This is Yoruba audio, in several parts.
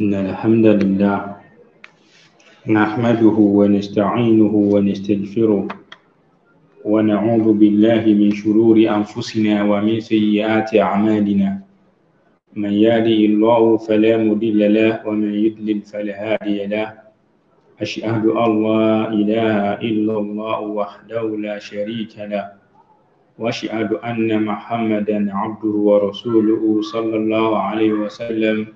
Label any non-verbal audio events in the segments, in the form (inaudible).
إن الحمد لله نحمده ونستعينه ونستغفره ونعوذ بالله من شرور أنفسنا ومن سيئات أعمالنا من يهده الله فلا مضل له ومن يضلل فلا هادي له أشهد أن لا إله إلا الله وحده لا شريك له وأشهد أن محمدا عبده ورسوله صلى الله عليه وسلم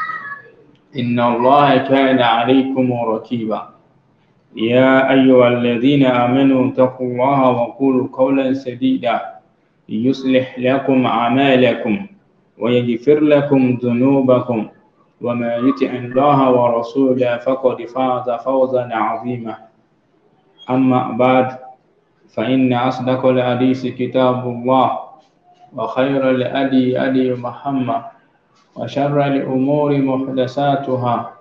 إن الله كان عليكم رقيبا يا أيها الذين آمنوا اتقوا الله وقولوا قولا سديدا يصلح لكم أعمالكم ويغفر لكم ذنوبكم وما يطع الله ورسوله فقد فاز فوزا عظيما أما بعد فإن أصدق الحديث كتاب الله وخير الأدي أدي محمد وشر الأمور محدثاتها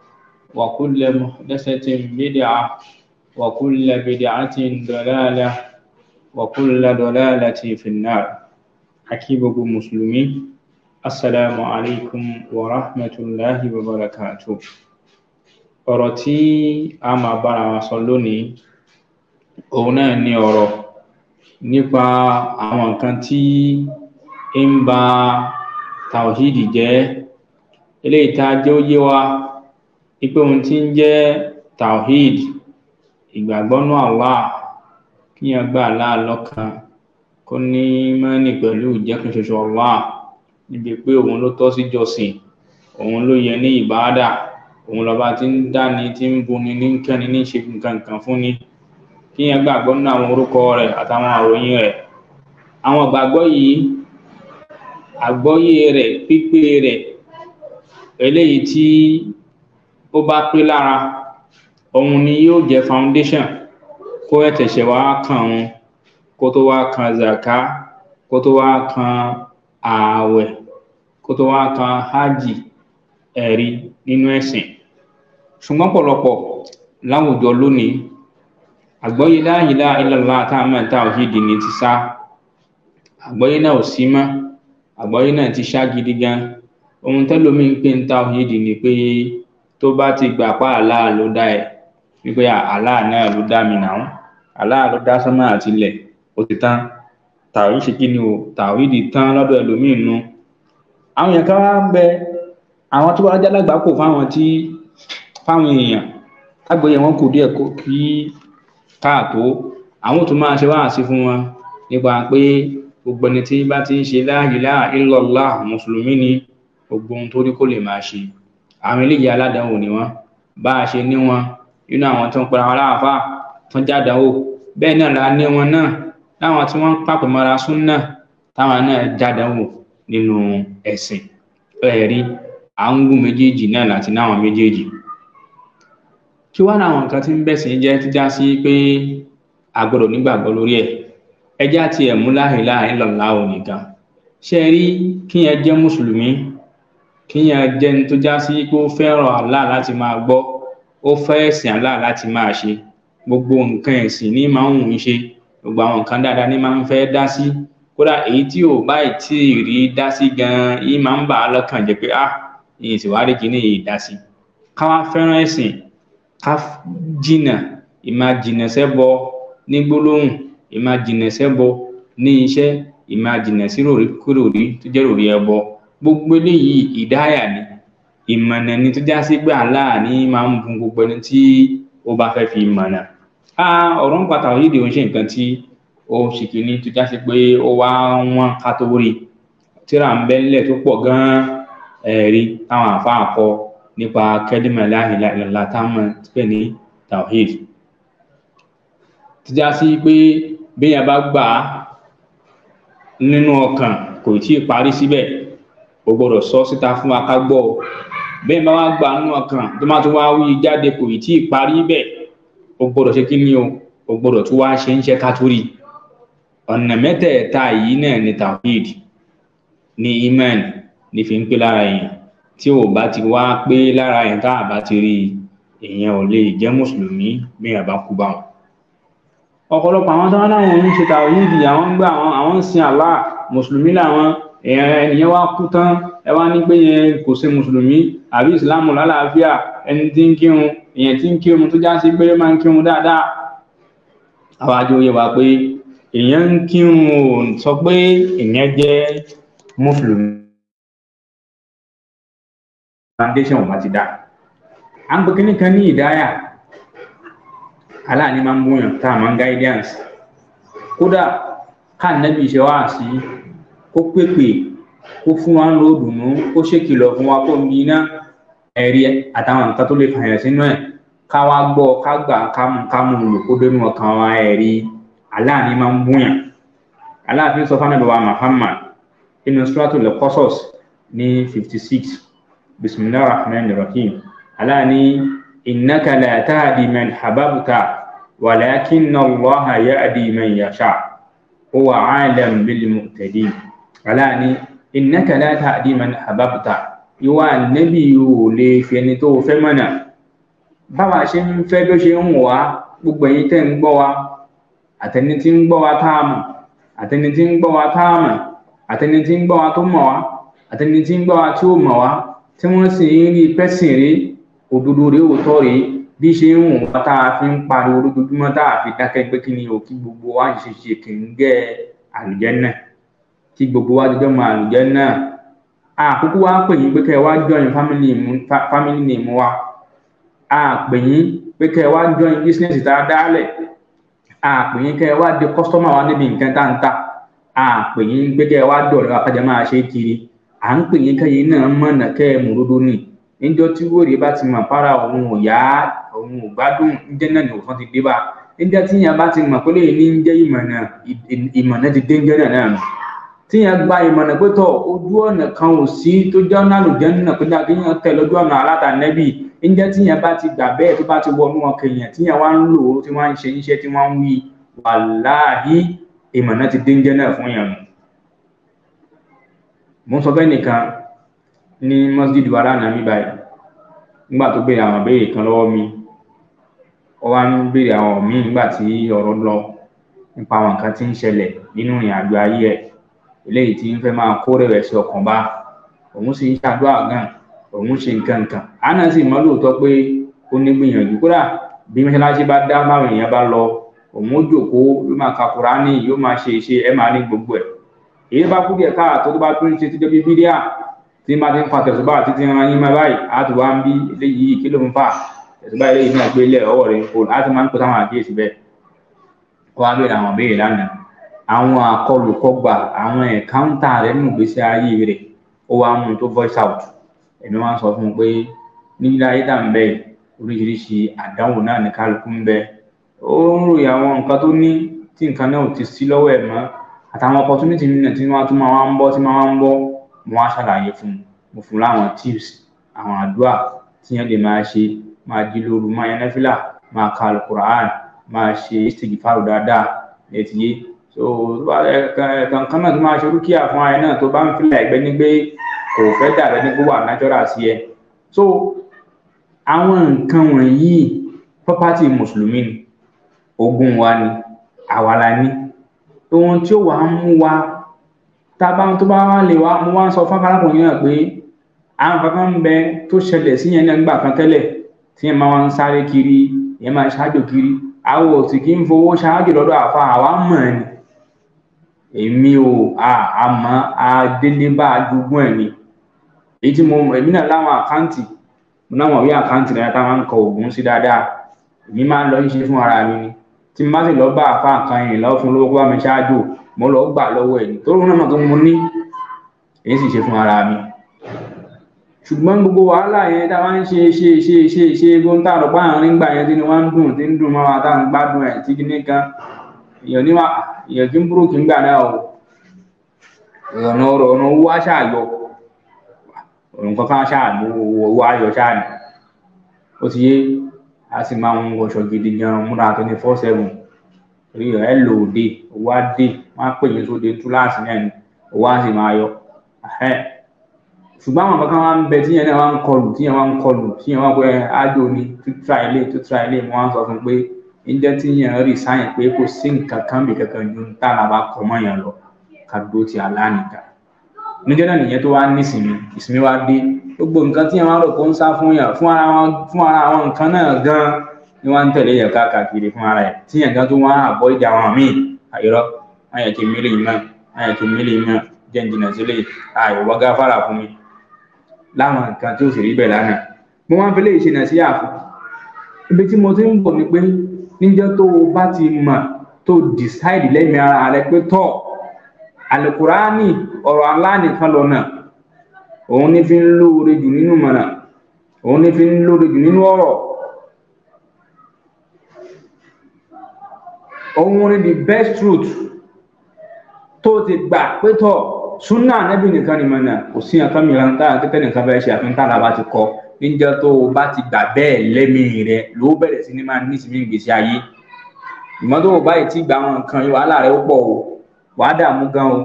وكل محدثة بدعة وكل بدعة دلالة وكل دلالة في النار حكيبكم مسلمين السلام عليكم ورحمة الله وبركاته ọ̀rọ̀ tí a máa bára wa sọ lónìí òun náà ni ọ̀rọ̀ nípa àwọn nǹkan tí ń ba tàwọhídì jẹ́ eléyìí tá a jẹ́ ó yé wa wípé ohun tí ń jẹ́ tawhid ìgbàgbọ́ nú Allah kíyàn gbà Allah lọ́kan kó ní mọ́nì pẹ̀lú ìjẹ́kùn ṣoṣo Allah níbi pé òun ló tọ́ sí jọsìn òun ló yẹ ní ìbáàdà òun lọ́ba tí ń dáni tí ń buni ní kẹ́ni ní ṣe nǹkan kan fún ni kíyàn gbàgbọ́ nú àwọn orúkọ rẹ̀ àtàwọn àròyìn rẹ̀ àwọn ìgbàgbọ́ yìí àgbọ́yé rẹ̀ pípé rẹ̀ eléyìí tí ó bá pé lára òun ni yóò jẹ́ foundation kó ẹ̀tẹ̀ṣẹ̀ wá kàn òun kó tó wá kan zaka kó tó wá kan ààwẹ̀ kó tó wá kan hajj ẹ̀rí nínú ẹ̀sìn ṣùgbọ́n pọ̀lọpọ̀ láwùjọ lónìí àgbọ́yé la ilaha illallah tá a máa ta òhídìí ní ti sá àgbọ́yé náà ò sí mọ́ àgbáyé náà ti ṣá gidi gan ohun tẹlómi ń pè ń ta òyìnbí ni pé tó bá ti gbà pa Allah ló dá ẹ wípé Allah náà ló dá mi náà Allah ló dá sánmà àti ilẹ̀ ó ti tán tàwídì ṣe kí ni o tàwídì tán lọ́dọ̀ ẹlòmíín nu àwọn èèyàn kan wá ń bẹ àwọn tó wá jálàgbà kò fáwọn tí fáwọn èèyàn lágbóyè wọn kò díẹ̀ kí káàtó àwọn tó máa ṣe wáhà sí fún wọn nípa pé gbogbo ẹni tí bá ti ń ṣe la ilaha illallah mùsùlùmí ni gbogbo ohun tó rí kó lè máa ṣe àwọn eléyìí aládàáwò ni wọn bá a ṣe ní wọn nínú àwọn tó ń pera wọn láàfáà tó ń jádàáwò bẹ́ẹ̀ náà la ní wọn náà láwọn tí wọn ń pàpẹ mọra súnà táwọn náà jádàáwò nínú ẹ̀sìn ẹ̀rí à ń gún méjèèjì náà láti náwọn méjèèjì kí wá láwọn nǹkan tí ń bẹ̀sìn jẹ́ ti já sí pé a nígbàgbọ́ lórí ẹ̀ ẹjá ti ẹ̀mú láhìláhì lọ́láwò nìkan ṣe rí kíyàn jẹ́ mùsùlùmí kíyàn jẹ́ ní tó já sí pé ó fẹ́ràn Allah láti máa gbọ́ ó fẹ́ ẹ̀sìn Allah láti máa ṣe gbogbo nǹkan ẹ̀sìn ní máa ń wùn ṣe gbogbo àwọn nǹkan dáadáa ní máa ń fẹ́ dá sí kódà èyí tí ò báyìí tí ì rí dá sí gan-an yìí máa ń bà á lọ́kàn jẹ́ pé ah ìyìn tìwárí kìíní yìí dá sí ká wá fẹ́ràn ẹ̀sìn ká jìnà ìmá jìnà sẹ́bọ ní gbólóhùn ìmá jìnà sẹ́bọ ní iṣẹ́ ìmá jìnà sí ròrí kúròrí tó jẹ́ ròrí ẹbọ gbogbo eléyìí ìdáyà ni ìmọ̀nà ni tó já sí pé Allah ni máa ń bun gbogbo ẹni tí ó bá fẹ́ fi mọ̀nà a ọ̀rọ̀ ń pàtàkì yìí di oun ṣe nǹkan tí ó ṣe kìíní tó já sí pé ó wá wọn ká tó rí tíra ń bẹ nílẹ̀ tó pọ̀ gan-an ẹ̀rí táwọn àfáà kọ nípa kẹ́dìmọ̀ láìláìlá táwọn pè ní tawhid tó já pé béèyàn bá gbà á nínú ọkàn kò tí ì parí síbẹ̀ o gbọ́dọ̀ sọ síta fún wa ká gbọ́ ọ béèyàn bá wá gbà á nínú ọkàn tó má tún wá wí jáde kò tí ì parí bẹ̀ o gbọ́dọ̀ ṣe kí ni o o gbọ́dọ̀ tún wá ṣe ń ṣe ká tó rí ọ̀nà mẹ́tẹ̀ẹ̀ta yìí náà ni tawhid ni iman ní fi ń pé lára èèyàn tí ò bá ti wá pé lára èèyàn tá a bá ti rí èèyàn ò lè jẹ́ mùsùlùmí béèyàn bá kú bá wọn ọ̀pọ̀lọpọ̀ àwọn táwọn náà ń ṣe tàwíìdì àwọn ń gbà àwọn àwọn ń sin Allah mùsùlùmí làwọn ẹnìyẹn wá kú tán ẹ wá ní pé yẹn kò ṣe mùsùlùmí àbí ìsìláàmù lálàáfíà ẹni tí ń kírun èèyàn tí ń kírun tó já sí pé ó máa ń kírun dáadáa àwọn àjọ yẹ wá pé èèyàn ń kírun ò sọ pé èèyàn jẹ́ mùsùlùmí foundation wọn ti dá à ń pe kíní kan ní ìdáyà Ala ni ń bóyàn tá a máa ń guidance kódà káànẹ́bí ṣe wá si, kó pèpè kó fún wa ń lo dùnú kó ṣèkìlọ̀ fún wa kó ní iná ẹ̀rí àtàwọn nǹkan tó lè fàyàn sínú ẹ̀ ká wá gbọ́ ká gbà ká mú ká mú lò kó dénú ọkàn wa ẹ̀rí aláàní máa ń bóyàn aláàfin sọ fún wa Muhammad inú Suratul Qasas ní fifty six bisimilahi rahman rahim aláàní innaka la tahdi man hababta. ولكن الله يهدي من يشاء هو عالم بالمهتدين علاني إنك لا تهدي من أحببت ìwà nẹ́bí ò lè fi ẹni tó fẹ́ mọ̀nà báwa ṣe ń fẹ́ ló ṣe ń wà á gbogbo ẹ̀yin tẹ́ ń gbọ́ wa àtẹni tí ń gbọ́ wa tá a mọ̀ àtẹni tí ń gbọ́ wa tá a mọ̀ àtẹni tí ń gbọ́ wa tó mọ̀ wa àtẹni tí ń gbọ́ wa tí ó mọ̀ wa tí wọ́n sì ń rí pẹ́sìn rí òdodo rí òótọ́ rí bí ṣe ń wùn wá tá a fi ń pariwo lójoojúmọ́ tá a fi dákẹ́ pé kí ni o kí gbogbo wa ṣe ṣe kì ń gẹ́ àlùjẹ́ náà kí gbogbo wa jọjọ́ mọ àlùjẹ́ náà àkókò wa pè yín pé kẹ́ wá jọyìn family name wa àpè yín pé kẹ́ wá jọyìn business tá a dálẹ̀ àpè yín kẹ́ wá di customer wa níbi nǹkan tá ń ta àpè yín pé kẹ́ wá dọ̀rọ̀ àkàjẹ́ máa ṣe kiri à ń pè yín kẹ́yìn náà mọ̀nà kẹ́ ẹ mú lódó nì níjọ́ tí wòrè bá ti mọ̀ para òun ò yá òun ò gbádùn ǹjẹ́ náà ni òfin ti dé bá ǹjẹ́ tí yẹn bá ti mọ̀ pé lẹ́yìn ní ń jẹ́ ìmọ̀nà ìmọ̀nà ti dé ǹjẹ́ náà nù tí yẹn gba ìmọ̀nà pé tọ̀ ojú ọ̀nà kan ò sí tó jẹ́ ọ̀nà àlùjẹ́ nínà pé dáa kí yẹn tẹ̀ lójú ọ̀nà alátànẹ́bì ǹjẹ́ tí yẹn bá ti gbà bẹ́ẹ̀ tó bá ti wọnú ọkàn yẹn tí yẹn wá ń lò ó tí wọ́n ń ṣe iṣẹ́ tí wọ́n ń wí wàláhí ìmọ̀nà ti dé ǹjẹ́ náà fún yẹn mo sọ bẹ́ẹ̀ nìkan ní mọ́sídìí wàrà nàmí nígbà tó gbé àwọn àbẹ́yẹ kan lọ́wọ́ mi ó wá ń béèrè àwọn míín nígbà tí ọ̀rọ̀ lọ nípa àwọn nǹkan tí ń ṣẹlẹ̀ nínú ìrìn àjò ayé ẹ̀ eléyìí tí ń fẹ́ máa kó rẹ̀wẹ̀sì ọkàn bá òun sì ń ṣàdúrà gan òun ṣe nǹkan nǹkan àná sì mọ̀ lóòótọ́ pé ó ní gbìyànjú kódà bí mọ́ṣáláṣí bá dá báwọn èèyàn bá lọ òun ó jókòó yóò máa ka kúránì yóò máa ṣe iṣẹ́ ẹ máa ní gbogbo ẹ̀ èyí bá kú díẹ̀ káàtó tó bá tún ṣe tó débi bídíà tí máa ti ń fa tẹ̀síbà títí ran yín máa báyìí àtúwá ń bí eléyìí kí ló ń fà ẹ̀sùgbà ilé yìí náà gbé lẹ̀ ọwọ́ rẹ̀ ń kó láti máa ń kó táwọn àkíyèsí bẹ́ẹ̀ kó wá béèrè àwọn béèrè lánàá àwọn àkọlùkọgbà àwọn ẹ̀káńtà rẹ̀ nù gbèsè ayé rẹ̀ ó wá mú un tó voice out èmi wá sọ fún un pé nígbà ayé tà ń bẹ oríṣiríṣi àdánwò náà ní kálukú ń bẹ ó ń ròyìn àwọn nǹkan tó ní tí nǹkan náà ti sí lọ́wọ́ ẹ̀ mọ́ àtàwọn opportunity mìíràn tí wọ́n tún máa wá ń bọ́ tí máa wá ń bọ́ mo wá ṣàlàyé fún un mo fún un láwọn tips àwọn àdúrà tí yẹn lè máa ṣe máa jí lóru máa yan nẹ́fìlà máa ka alukur'an máa ṣe istigifaru dáadáa létí yé so kankan náà tó máa ṣe rúkìá fún ayé náà tó bá ń filẹ̀ ẹgbẹ́ ní pé kò fẹ́ dàbẹ́ ní gbogbo ànájọ́ra sí ẹ so àwọn nǹkan wọ̀nyí property mùsùlùmí ni ogún wa ni àwa la ní ohun tí ó wà ń mú wa tábà tó bá wà lè wa mo wá ń sọ fún arákùnrin náà pé àwọn kankan ń bẹ tó ṣẹlẹ̀ sí yẹn nígbà kan tẹ́lẹ̀ tí ẹ máa ń sáré kiri ẹ máa ṣáájò kiri àwọn òsì kì í fowó ṣáájò lọ́dọ̀ àfa àwa mọ̀ ni èmi ò àmọ́ adélébá adúgbọ́n ẹ̀ ni èyí tí mo èmi náà láwọn àkáǹtì mo náà wọ̀nyí àkáǹtì náà táwọn ń kọ òògùn sí dáadáa èmi máa ń lọ ṣe fún ara mi ni tí mo bá sì lọ bá àfa kan yìí lọ fún lówó kó bá mi ṣáájò mo lọ gbà lọ́wọ́ ẹ̀ ni tó rún náà tó mo ní èyí sì ṣe fún ara mi ṣùgbọ́n gbogbo wàhálà yẹn tá a wá ń ṣe ṣe ṣe ṣe ṣe egun tá a rò pa àárín gbà yẹn tí ni wọ́n ń dùn tí ń dùn mọ́ wa ń gbádùn ẹ̀ tí kìíní kan èèyàn ní wa èèyàn kí ń búrò kí ń gbà náà o ọ̀nà ọ̀rọ̀ ọ̀nà owó á ṣàyọ ọ̀nà kankan ṣàmú owó ayọ̀ ṣàní ó ti yé a sì máa ń wọṣọ gidi gan múra twenty four seven torí ẹ lò dé owó á dé wọ́n á pè ni owó á sì ṣùgbọ́n àwọn kankan wá ń bẹ tíyẹn náà wá ń kọlù tíyẹn wá ń kọlù tíyẹn wá pé ájò ni tó tra ilé tó tra ilé mo wá ń sọ fún pé níjẹ́ tíyẹn rí sáyẹn pé kò sí nǹkan kan bí kankan ju ń tà lába kọ mọ́ yẹn lọ kàdó ti àlánìkà níjẹ́ náà nìyẹn tó wá nísìnyí ìsinmi wá dé gbogbo nǹkan tíyẹn wá rò kó ń sá fún yàn fún ara wọn fún ara wọn nǹkan náà gan ni wọ́n ń tẹ̀lé yẹn káàkiri fún ara yẹn tíyẹn gan tó wá àbọ̀ ìjà wọn míì àyọ̀rọ̀ ayẹ̀kẹ́ mílíọ̀nù náà mílíọ̀nù jẹ́ ìjìnà sílé àìwọ́ gáfárà fún mi láwọn nǹkan tí ó sì rí bẹ́ẹ̀ lánàá mo wá fi lè ṣe nà sí àfún ibi tí mo ti ń bọ̀ ni pé níjọ́ tó o bá ti mọ̀ tó decide lẹ́yìn ara rẹ pé tọ́ alukurani ọ̀rọ̀ aláǹkan lọ́nà òun ní fi ń lóore jù nínú mọ̀nà òun ní fi ń lóore jù nínú ọ̀rọ̀ òun ní the best truth. tó ti gbà pé tọ́ súnà anábì nìkan ni mọ̀nà kò sí nǹkan mìíràn táwọn akẹ́kẹ́ nìkan fẹ́ ṣe àfihàn tára bá ti kọ níjọ́ tó o bá ti gbà bẹ́ẹ̀ lẹ́mìí rẹ ló bẹ̀rẹ̀ sí ni máa ní ìsinmi ìgbésí ayé ìmọ̀ tó o báyìí ti gba àwọn nǹkan yìí wàhálà rẹ ó pọ̀ o wàá dààmú gan o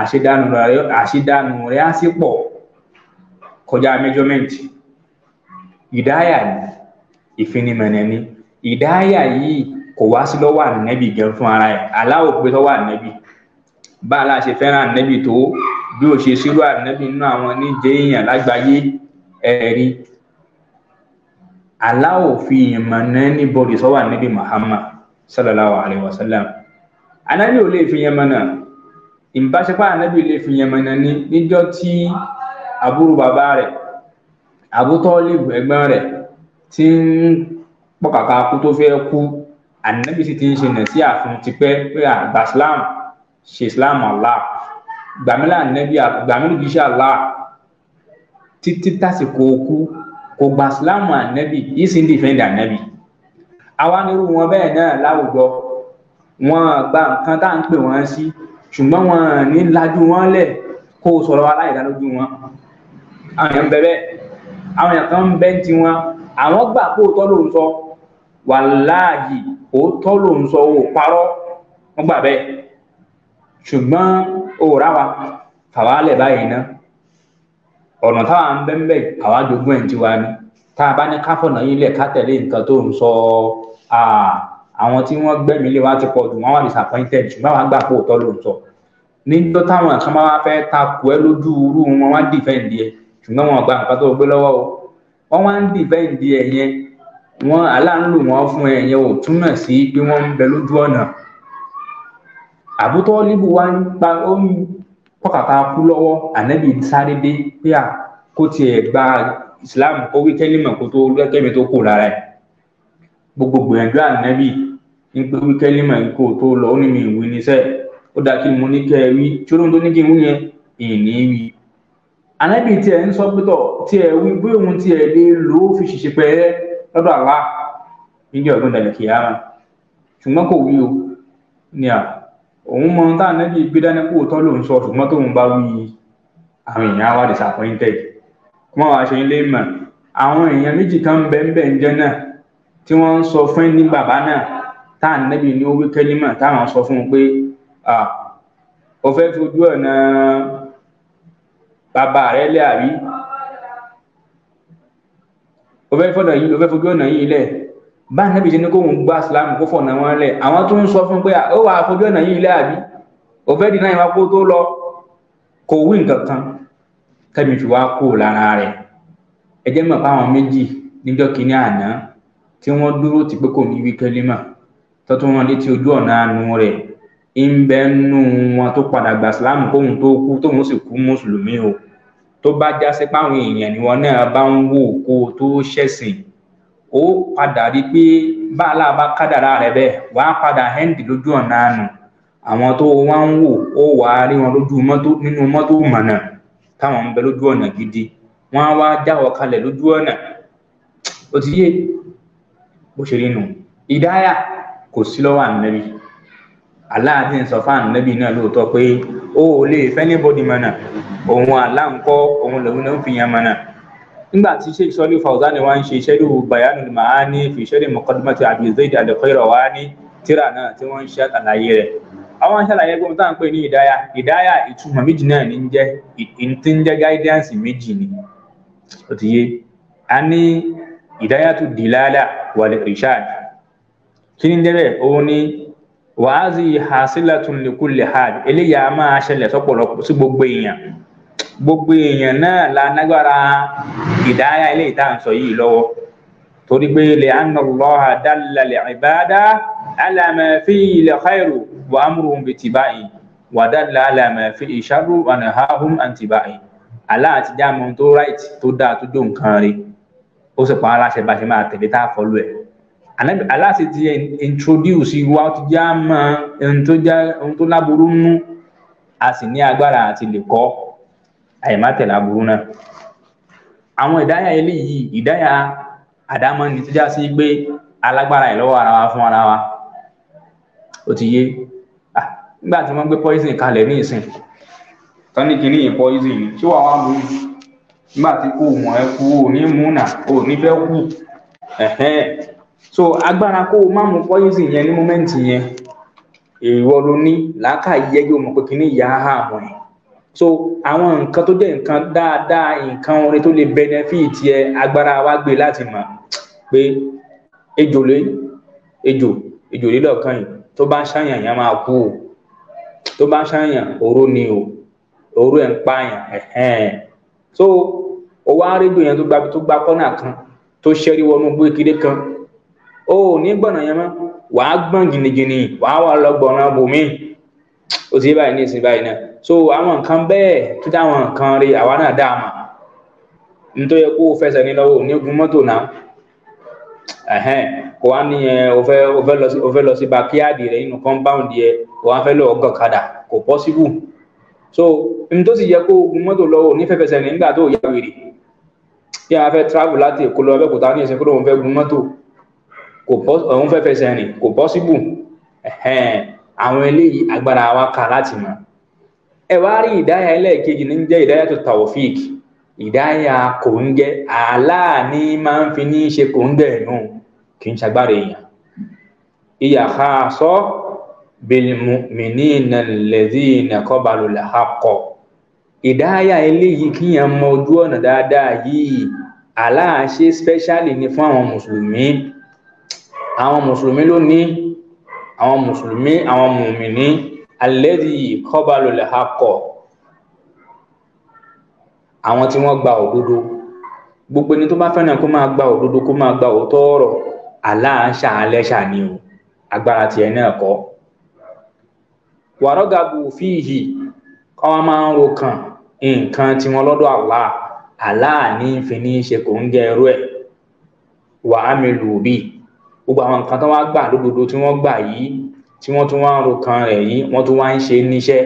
àṣedànù rẹ àṣedànù rẹ á sì pọ̀ kọjá measurement ìdáyà yìí ìfinimọ̀nà ni ìdáyà yìí kò wá sí lọ́wọ́ ànábì gan fún ara ẹ̀ aláwọ̀ pé lọ́wọ́ ànábì bá a láṣẹ fẹ́ràn ànábì tó bí ó ṣe sírò ànábì nínú àwọn níjẹ́ èèyàn lágbàáyé ẹ̀rí aláwò fi ìmọ̀ náà ní bọ́ọ̀lù sọ́wọ́ ànábì Muhammad sallallahu alayhi wa sallam ànábì ò lè fi yẹn mọ̀ náà ìbáṣepọ̀ ànábì lè fi yẹn mọ̀ náà ní níjọ́ tí àbúrò bàbá rẹ̀ àbútọ́lìbù ẹ̀gbọ́n rẹ̀ tí ń pọ̀kàkà kú tó fẹ́ kú ànábì sì ti ń ṣe nà sí àfihàn tipẹ́ pé àgbà Islam ṣe islam allah gbàmílà nẹbí gbàmílù kìí ṣe allah títí tásìkò okú kò gba islam ànẹbí yìí sì ń dìfẹ́ǹdì ànẹbí àwa nírú wọn bẹ́ẹ̀ náà láwùjọ wọn gba nǹkan tá à ń pè wọn sí ṣùgbọ́n wọn ní lajú wọn lẹ̀ kó o sọ̀rọ̀ wa láì dálójú wọn àwọn èèyàn bẹ̀rẹ̀ àwọn èèyàn kan ń bẹ́ ti wọn àwọn gbà kó tọ́ ló ń sọ wàláàyè òótọ́ ló ń sọ òó wọn gbà bẹ́ẹ̀ ṣùgbọ́n òòrá wa fàwa lẹ̀ báyìí ná ọ̀nà táwa ń bẹ́ ń bẹ́ àwa dogun ẹ̀ ń tiwa ni tá a bá ní káfọ̀nà yín lẹ̀ ká tẹ̀lé nǹkan tó ń sọ àwọn tí wọ́n gbẹ́mí lé wa ti pọ̀ jù wọ́n wà disappointed ṣùgbọ́n àwọn àgbà pò tọ́ ló ń sọ níjọ́ táwọn kan bá wá fẹ́ takò ẹ́ lójú irú wọn wá dìfẹ́ǹdì ẹ̀ ṣùgbọ́n wọn gba nǹkan tó gbé lọ́wọ́ o wọ́n wá ń dìfẹ́ǹdì ẹ̀ yẹn wọ́n aláǹlò wọn fún ẹ̀ yẹn ò túmọ̀ sí pé wọ́n ń bẹ lójú ọ̀nà àbútọ́líbù wa ń pa ó ń pọ̀kàtà kú lọ́wọ́ ànábì sáré dé pé à kó tiẹ̀ gba islam kó wí kẹ́límà kó tó kẹ́mi tó kù lára ẹ̀ gbogbo gbìyànjú ànábì ń pé wí kẹ́límà kó tó lọ ó ní mi ìwé níṣẹ́ ó dá kí mo ní kẹ́ ẹ wí tí olóńgbò ní kí n wí yẹn ìní wí ànábì tiẹ̀ ń sọ pé tọ̀ tiẹ̀ wí bí òun tiẹ̀ lè lò ó fi ṣìṣe pẹ́ lọ́dọ̀ àlá níjọ́ ọ̀gbìn dàbí kìí ṣùgbọ́n kò wí o ní àná òun mọ tá ànábì gbé dání kó tọ́ lòun sọ ṣùgbọ́n tóun bá wí àwọn èèyàn á wà disappointed kí wọ́n wá ṣe ń lé mọ̀ àwọn èèyàn méjì kan ń bẹ́ẹ̀ bẹ́ẹ̀ ń jẹ́ náà tí wọ́n ń sọ fún ní bàbá náà tá ànábì ní ó wí kẹ́límọ̀ táwọn sọ fún un pé o fẹ́ fojú ọ̀nà bàbá rẹ̀ lẹ́ àbí ó fẹ́ fojú ọ̀nà yìí lẹ̀ báyìí níbi ìṣẹ́ni kóhùn gba ìsìlámù kó fọ̀nà wọn lẹ̀ àwọn tó ń sọ fún pé ó wà àfojú ọ̀nà yìí ilé àbí òfẹ́ dìnnà ìwà kó tó lọ kò wí nǹkan kan kẹ́mi fi wá kó lára rẹ̀ ẹ jẹ́ mọ̀ fáwọn méjì níjọ́ kínní àná tí wọ́n dúró tì pé kò ní wí kẹ́límà tọ́tún wọn létí ojú ọ̀nà àánú rẹ̀ ń bẹ nù wọn tó padà gba ìsìlámù kóhùn tó kú tóun sì kú mùsùlùmí o tó bá jásí páwọn èèyàn ni wọn náà bá ń wò kó tó ṣẹ̀sìn ó padà rí i pé báàlà bá kádàrá rẹ̀ bẹ́ẹ̀ wà á padà hẹ́ǹdì lójú ọ̀nà àánú àwọn tó wá ń wò ó wà á rí wọn lójú mọ́tò nínú mọ́tò mọ̀nà táwọn ń lójú ọ̀nà gidi wọn á wá jáwọ́ kalẹ̀ lójú ọ̀nà ó ti yé bó ṣe rí nù ìdáyà kò sí lọ́wọ́ ànábì sọ fún ànábì náà lóòótọ́ pé ó lè fẹ́ mọ̀nà òun nígbà tí sheikh sọlí fawzani wá ń ṣe ṣẹ́rí bayanul ma'ani fi ṣẹ́rí muqaddimati abi zayd al-qayrawani tíra náà tí wọ́n ń ṣe àlàyé rẹ̀ àwọn aṣàlàyé gbọ́n tá à ń pè ní ìdáyà ìdáyà ìtumọ̀ méjì náà ní jẹ́ ìtí ń jẹ́ guidance méjì ni ó ti yé a ní ìdáyà tó dilala wal irshad kí ni jẹ́ bẹ́ẹ̀ òun ni wàá hasilatun li eléyàá máa ṣẹlẹ̀ sọ́pọ̀lọpọ̀ sí gbogbo èèyàn gbogbo èèyàn náà la nágbára ìdáyà ilé ìtànsọ yìí lọ́wọ́ torí pé lè anàlọ́ha dálà lè ìbádá alàmà fi ilẹ̀ khairu wà ámúrùn bí tìbáyì wà dálà alàmà fi ìṣàrù ànàháhùn àǹtìbáyì aláàtí dáàmú tó ráìtì tó dáa tó dó nǹkan rí ó sì pa aláṣẹ bá ṣe máa tẹ̀lé tá a fọlú ẹ̀ aláṣẹ ti introduce wa tó já mọ́ ohun tó láburú nú a sì ní agbára àti lè kọ́ ọ́ àyèmátẹ̀ làbúrú náà àwọn ìdáyà eléyìí ìdáyà àdámọ́ ni tó já sí pé alágbára ẹ̀ lọ́wọ́ ara wa fún ara wa ó ti yé ah, nígbà tí wọ́n gbé poison kalẹ̀ ní ìsìn tán ní kinní yìí poison ni tí wàá wá mú nígbà tí kò kú ò ní ní fẹ́ so agbára kó o má mú poison yẹn ní mọ́mẹ́ǹtì yẹn èèwọ̀ ló ní làákàyè mọ̀ pé kinní so àwọn nǹkan tó jẹ́ nǹkan dáadáa nǹkan orin tó lè benefit yẹ agbára wa gbé láti mọ̀ pé ejò lé ejò ejò lílọ̀kan yìí tó bá ń ṣàyàn yẹn máa kú o tó bá ń ṣàyàn òru ni o òru ẹ̀ ń pààyàn ẹ̀hẹ́n so ó wá rédíò yẹn tó gba tó gba kọ́nà kan tó ṣẹ́rí wọnú gbé kiri kan ó ní gbọ̀nà yẹn mọ́ wàá gbọ̀n gìnnìgìnnì wàá wà lọ gbọ̀nà bòmíì ó ti báyìí ní ìsìn báyìí náà so àwọn nǹkan bẹ́ẹ̀ tó dáwọn nǹkan rí àwa náà dá a mọ̀ n tó yẹ kó o fẹsẹ̀ ní lọ́wọ́ ní gun mọ́tò náà ẹ̀hẹ́n kò wá ní ẹ o fẹ́ o fẹ́ lọ sí o rẹ nínú compound yẹ kò wá fẹ́ lọ gọ̀kadà kò possible so n tó sì yẹ kó o gun mọ́tò lọ́wọ́ onífẹ́fẹsẹ̀ nígbà tó yà wèrè bí a fẹ́ travel láti Èkó lọ Abẹ́òkúta ní ìsìnkú òun fẹ́ gun mọ́tò kò pọ́ òun fẹ́ fẹsẹ̀ rìn kò possible ẹ̀hẹ́n àwọn eléyìí agbára wa kà láti mọ̀ ẹ wá rí ìdáyà ẹlẹ́ẹ̀kejì ní jẹ́ ìdáyà tó tawfik ìdáyà kòńgẹ́ aláàní máa ń fi ní í ṣe kòńgẹ́ nù kì í ṣagbára èèyàn ìyà khassa bil mu'minina alladhina qabalu al-haqq ìdáyà eléyìí kíyàn mọ ojú ọ̀nà dáadáa yìí aláàṣe specially ni fún àwọn mùsùlùmí àwọn mùsùlùmí ló àwọn mùsùlùmí àwọn mùmìnì alẹ́dì kọ́balùlẹ̀ akọ̀ àwọn tí wọ́n gba òdodo gbogbo ẹni tó bá fẹ́ràn kó máa gba òdodo kó máa gba òótọ́ ọ̀rọ̀ aláàṣà alẹ́ṣà ni o agbára tiẹ̀ náà kọ́ wàrọ́gàbù fíìhì káwọn máa ń ro kan nǹkan tí wọ́n lọ́dọ̀ Allah Allah fi ní ṣe kò ń gẹ ẹrú ẹ̀ wàá mi lù bí gbogbo àwọn nǹkan tó wá gbà lódodo tí wọ́n gbà yìí tí wọ́n tún wá ń ro kan rẹ̀ yìí wọ́n tún wá ń ṣe níṣẹ́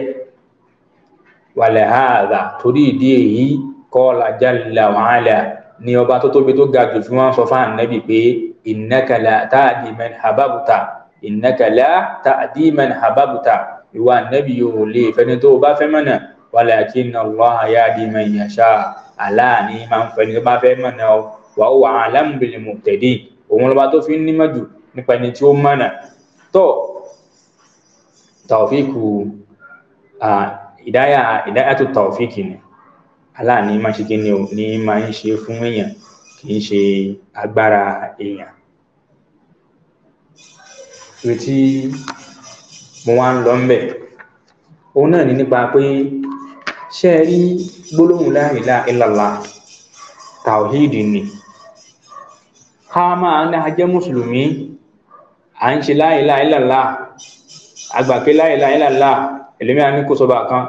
wàlẹ̀ hàdà torí ìdí èyí qala jalla wa ala ni ọba tó tóbi tó ga jù fún wọn sọ fún ànábì pé innaka la ta'di man hababta innaka la ta'di man hababta ìwà ànábì yóò lè fẹni tó o bá fẹ́ mọ̀nà walakinna Allaha yahdi man yasha aláàní máa ń fẹni tó bá fẹ́ mọ̀nà o wa huwa a'lamu bil muhtadin òun lọ́ba tó fi ń nímọ̀ jù nípa ẹni tí ó mọ̀nà tó tàwọ́fíìkù ìdáyà idaya tó tàwọ́fíìkì ni aláàní máa ṣe kí ni ò ní máa ń ṣe fún èèyàn kì í ṣe agbára èèyàn ìwé tí mo wá ń lọ ńbẹ̀ òun náà ní nípa pé ṣe é rí gbólóhùn la ilaha illallah tàwíìdì ni ká máa ń dájẹ́ mùsùlùmí à ń ṣe la ilaha àgbà pé láìláì làlá ẹlòmíràn ní kò sọba kan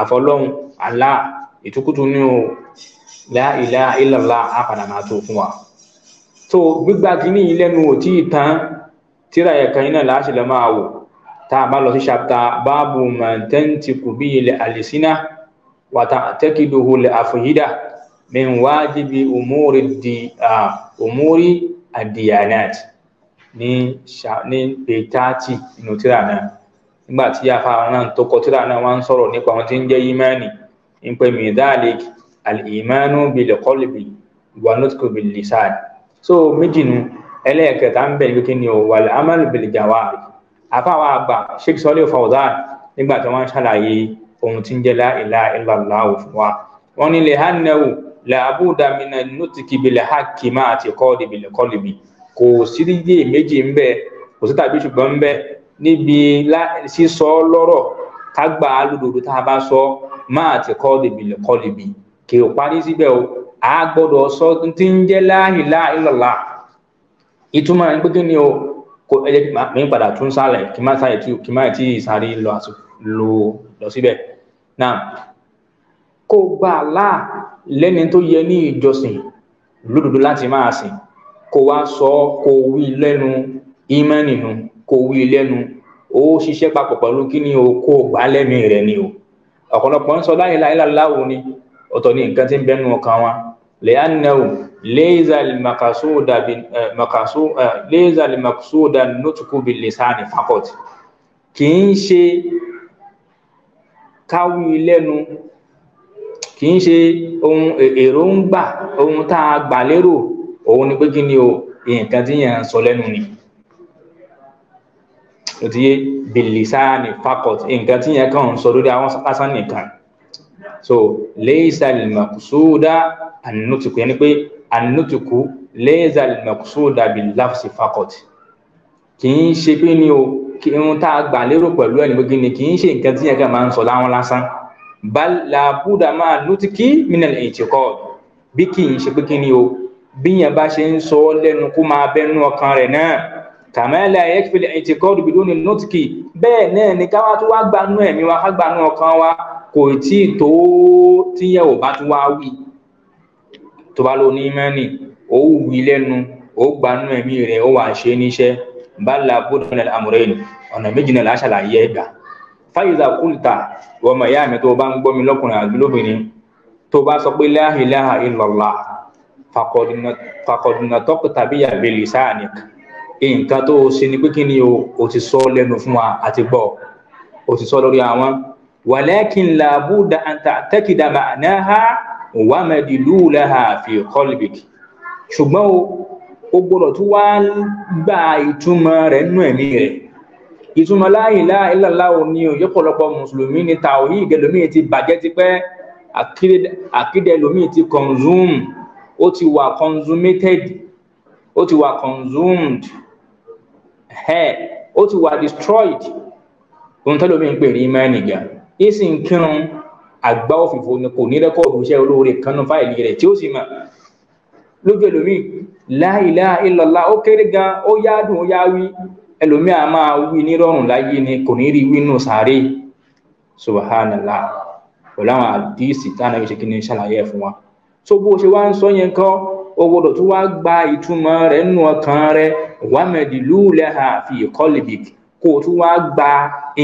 àfọlọ́hún àlá ìtukùtù ní o láìláì ìlàlá àpàdà máa tó fún wa. tó gbígbà kínní yìí lẹ́nu ò tí ì tán tíra ẹ̀ka iná láti lè máa wò tá a bá lọ sí ṣapta báàbù mọ̀tẹ́ǹtì kù bí ilẹ̀ àlìsínà wàtà tẹ́kìdòhù lẹ̀ àfòyídà min wájibi umuri àdìyànàtì ní ní page thirty nínú tíra náà nígbà tí afa náà tó kọ tíra náà wá ń sọ̀rọ̀ nípa àwọn tí ń jẹ́ ìmánì ń pè mí dáàlík al-imanu bil-qalbi wa nutqu bil so méjì nu ẹlẹ́ẹ̀kẹta ń bẹ̀ nígbàkí ni o wal amal bil-jawari afa wa àgbà Sheikh Salihu Fawzan nígbà tí wọ́n ń ṣàlàyé ohun tí ń jẹ́ la ilaha illallah wa wọ́n ní lè hánẹ́wò làbúdàmínà nùtìkì bil-haqqi máa ti kọ́ ọ́ kò sí díje méjì ń bẹ kò sí tàbí ṣùgbọ́n ń bẹ níbi sísọ lọ́rọ̀ ká a bá sọ máa ti kọ́ lèmi lè kọ́ lèmi kì í parí síbẹ̀ o a gbọ́dọ̀ sọ tí ń jẹ́ la ilaha ìtumọ̀ pé kí ni o kò ẹ jẹ́ lọ lọ síbẹ̀ náà gbà láà lẹ́ni tó yẹ ní ìjọsìn lódodo láti máa sìn kó wá sọ ọ kó wí lẹ́nu ìmánì nu kó wí lẹ́nu ó ṣiṣẹ́ papọ̀ pẹ̀lú kí ni o kó gbà lẹ́mìí rẹ̀ ni o ọ̀pọ̀lọpọ̀ ń sọ láyé láyé láwo ni ọ̀tọ̀ ni nǹkan tí ń bẹnu ọkàn wa lẹ́yìnáwó lézàlì makasuda nótùkú bíi lẹ́sàn-án fakọ́tì kì í ṣe káwí lẹ́nu kì í ṣe èròǹgbà ohun tá a gbà lérò òun ni pé kí ni o nǹkan tí yẹn ń sọ lẹ́nu ni o ti yé bilisani fakot nǹkan tí yẹn kàn ń sọ lórí àwọn lásán nìkan so leisa limakusuda anutuku yẹn ni pé anutuku leisa limakusuda bilafsi fakot kì í ṣe pé ni o kí n tá gbà lérò pẹ̀lú ẹni pé kí ni kì í ṣe nǹkan tí yẹn kàn máa ń sọ láwọn lásán bal làbúdà máa nutiki minal ìtìkọ́ bí kì í ṣe pé kí ni o bíyàn bá ṣe ń sọ ọ lẹ́nu kó máa bẹnu ọkàn rẹ̀ náà kàmẹ́lẹ̀ ayẹ́kìfẹ́lẹ̀ ẹ̀yìn ti kọ́ dùbìdó ní nọ́tìkì bẹ́ẹ̀ náà ni káwá tó wá gbanú ẹ̀mí wa ká gbanú ọkàn wa kò tí ì tó tíyẹ̀ ò bá tún wá wí tó bá lọ ní mẹ́ni ó wí lẹ́nu ó gbanú ẹ̀mí rẹ̀ ó wà ṣe níṣẹ́ bala bódúnmẹ́lẹ̀ amúrẹ́yìn ọ̀nà méjì náà láṣàlàyé ẹ̀dá fáyìzà kúlìtà ọmọ ìyá mi tó bá ń gbọ́ mi lọ́kùnrin àgbélóbìnrin tó bá sọ pé la ilaha fakọdùnàtọ́ tàbí àbẹ̀lì sáàni nǹkan tó o ṣe ni pé kí ni o ò ti sọ lẹ́nu fún wa àti gbọ́ o ti sọ lórí àwọn wàlẹ́kìn làbúdà àǹtà tẹ́kìdà màánáà wà mẹ́dìlúùlẹ́hà fi kọ́lìbìkì ṣùgbọ́n o ó gbọ́dọ̀ tún wá gba ìtumọ̀ rẹ̀ nínú ẹ̀mí rẹ̀ ìtumọ̀ la ilaha ni òye pọ̀lọpọ̀ mùsùlùmí ni tàwí ìgẹ̀lómi ti bàjẹ́ ti pẹ́ àkídẹ̀lómi ti consume ó ti wà consumated ó ti wà consumed ó ti wà destroyed ohun tẹ́lẹ̀ omi ń pè ní mẹ́nìgà ń kírun àgbá ni kò ní rẹ́kọ̀dù iṣẹ́ olóore fáìlì rẹ̀ tí ó sì mọ̀ lójú ó kéré gan ó yádùn ó ni kò ní rí wínú sáré pẹ̀lú àwọn àdìsí ṣe kí ni ṣàlàyé ẹ̀ fún wa. so bó ṣe wá ń sọ yẹn kọ́ o gbọ́dọ̀ tún wá gba ìtumọ̀ rẹ̀ nínú ọkàn rẹ̀ wàmẹ̀dì lùlẹ̀hà fi ìkọlìbì kó o tún wá gba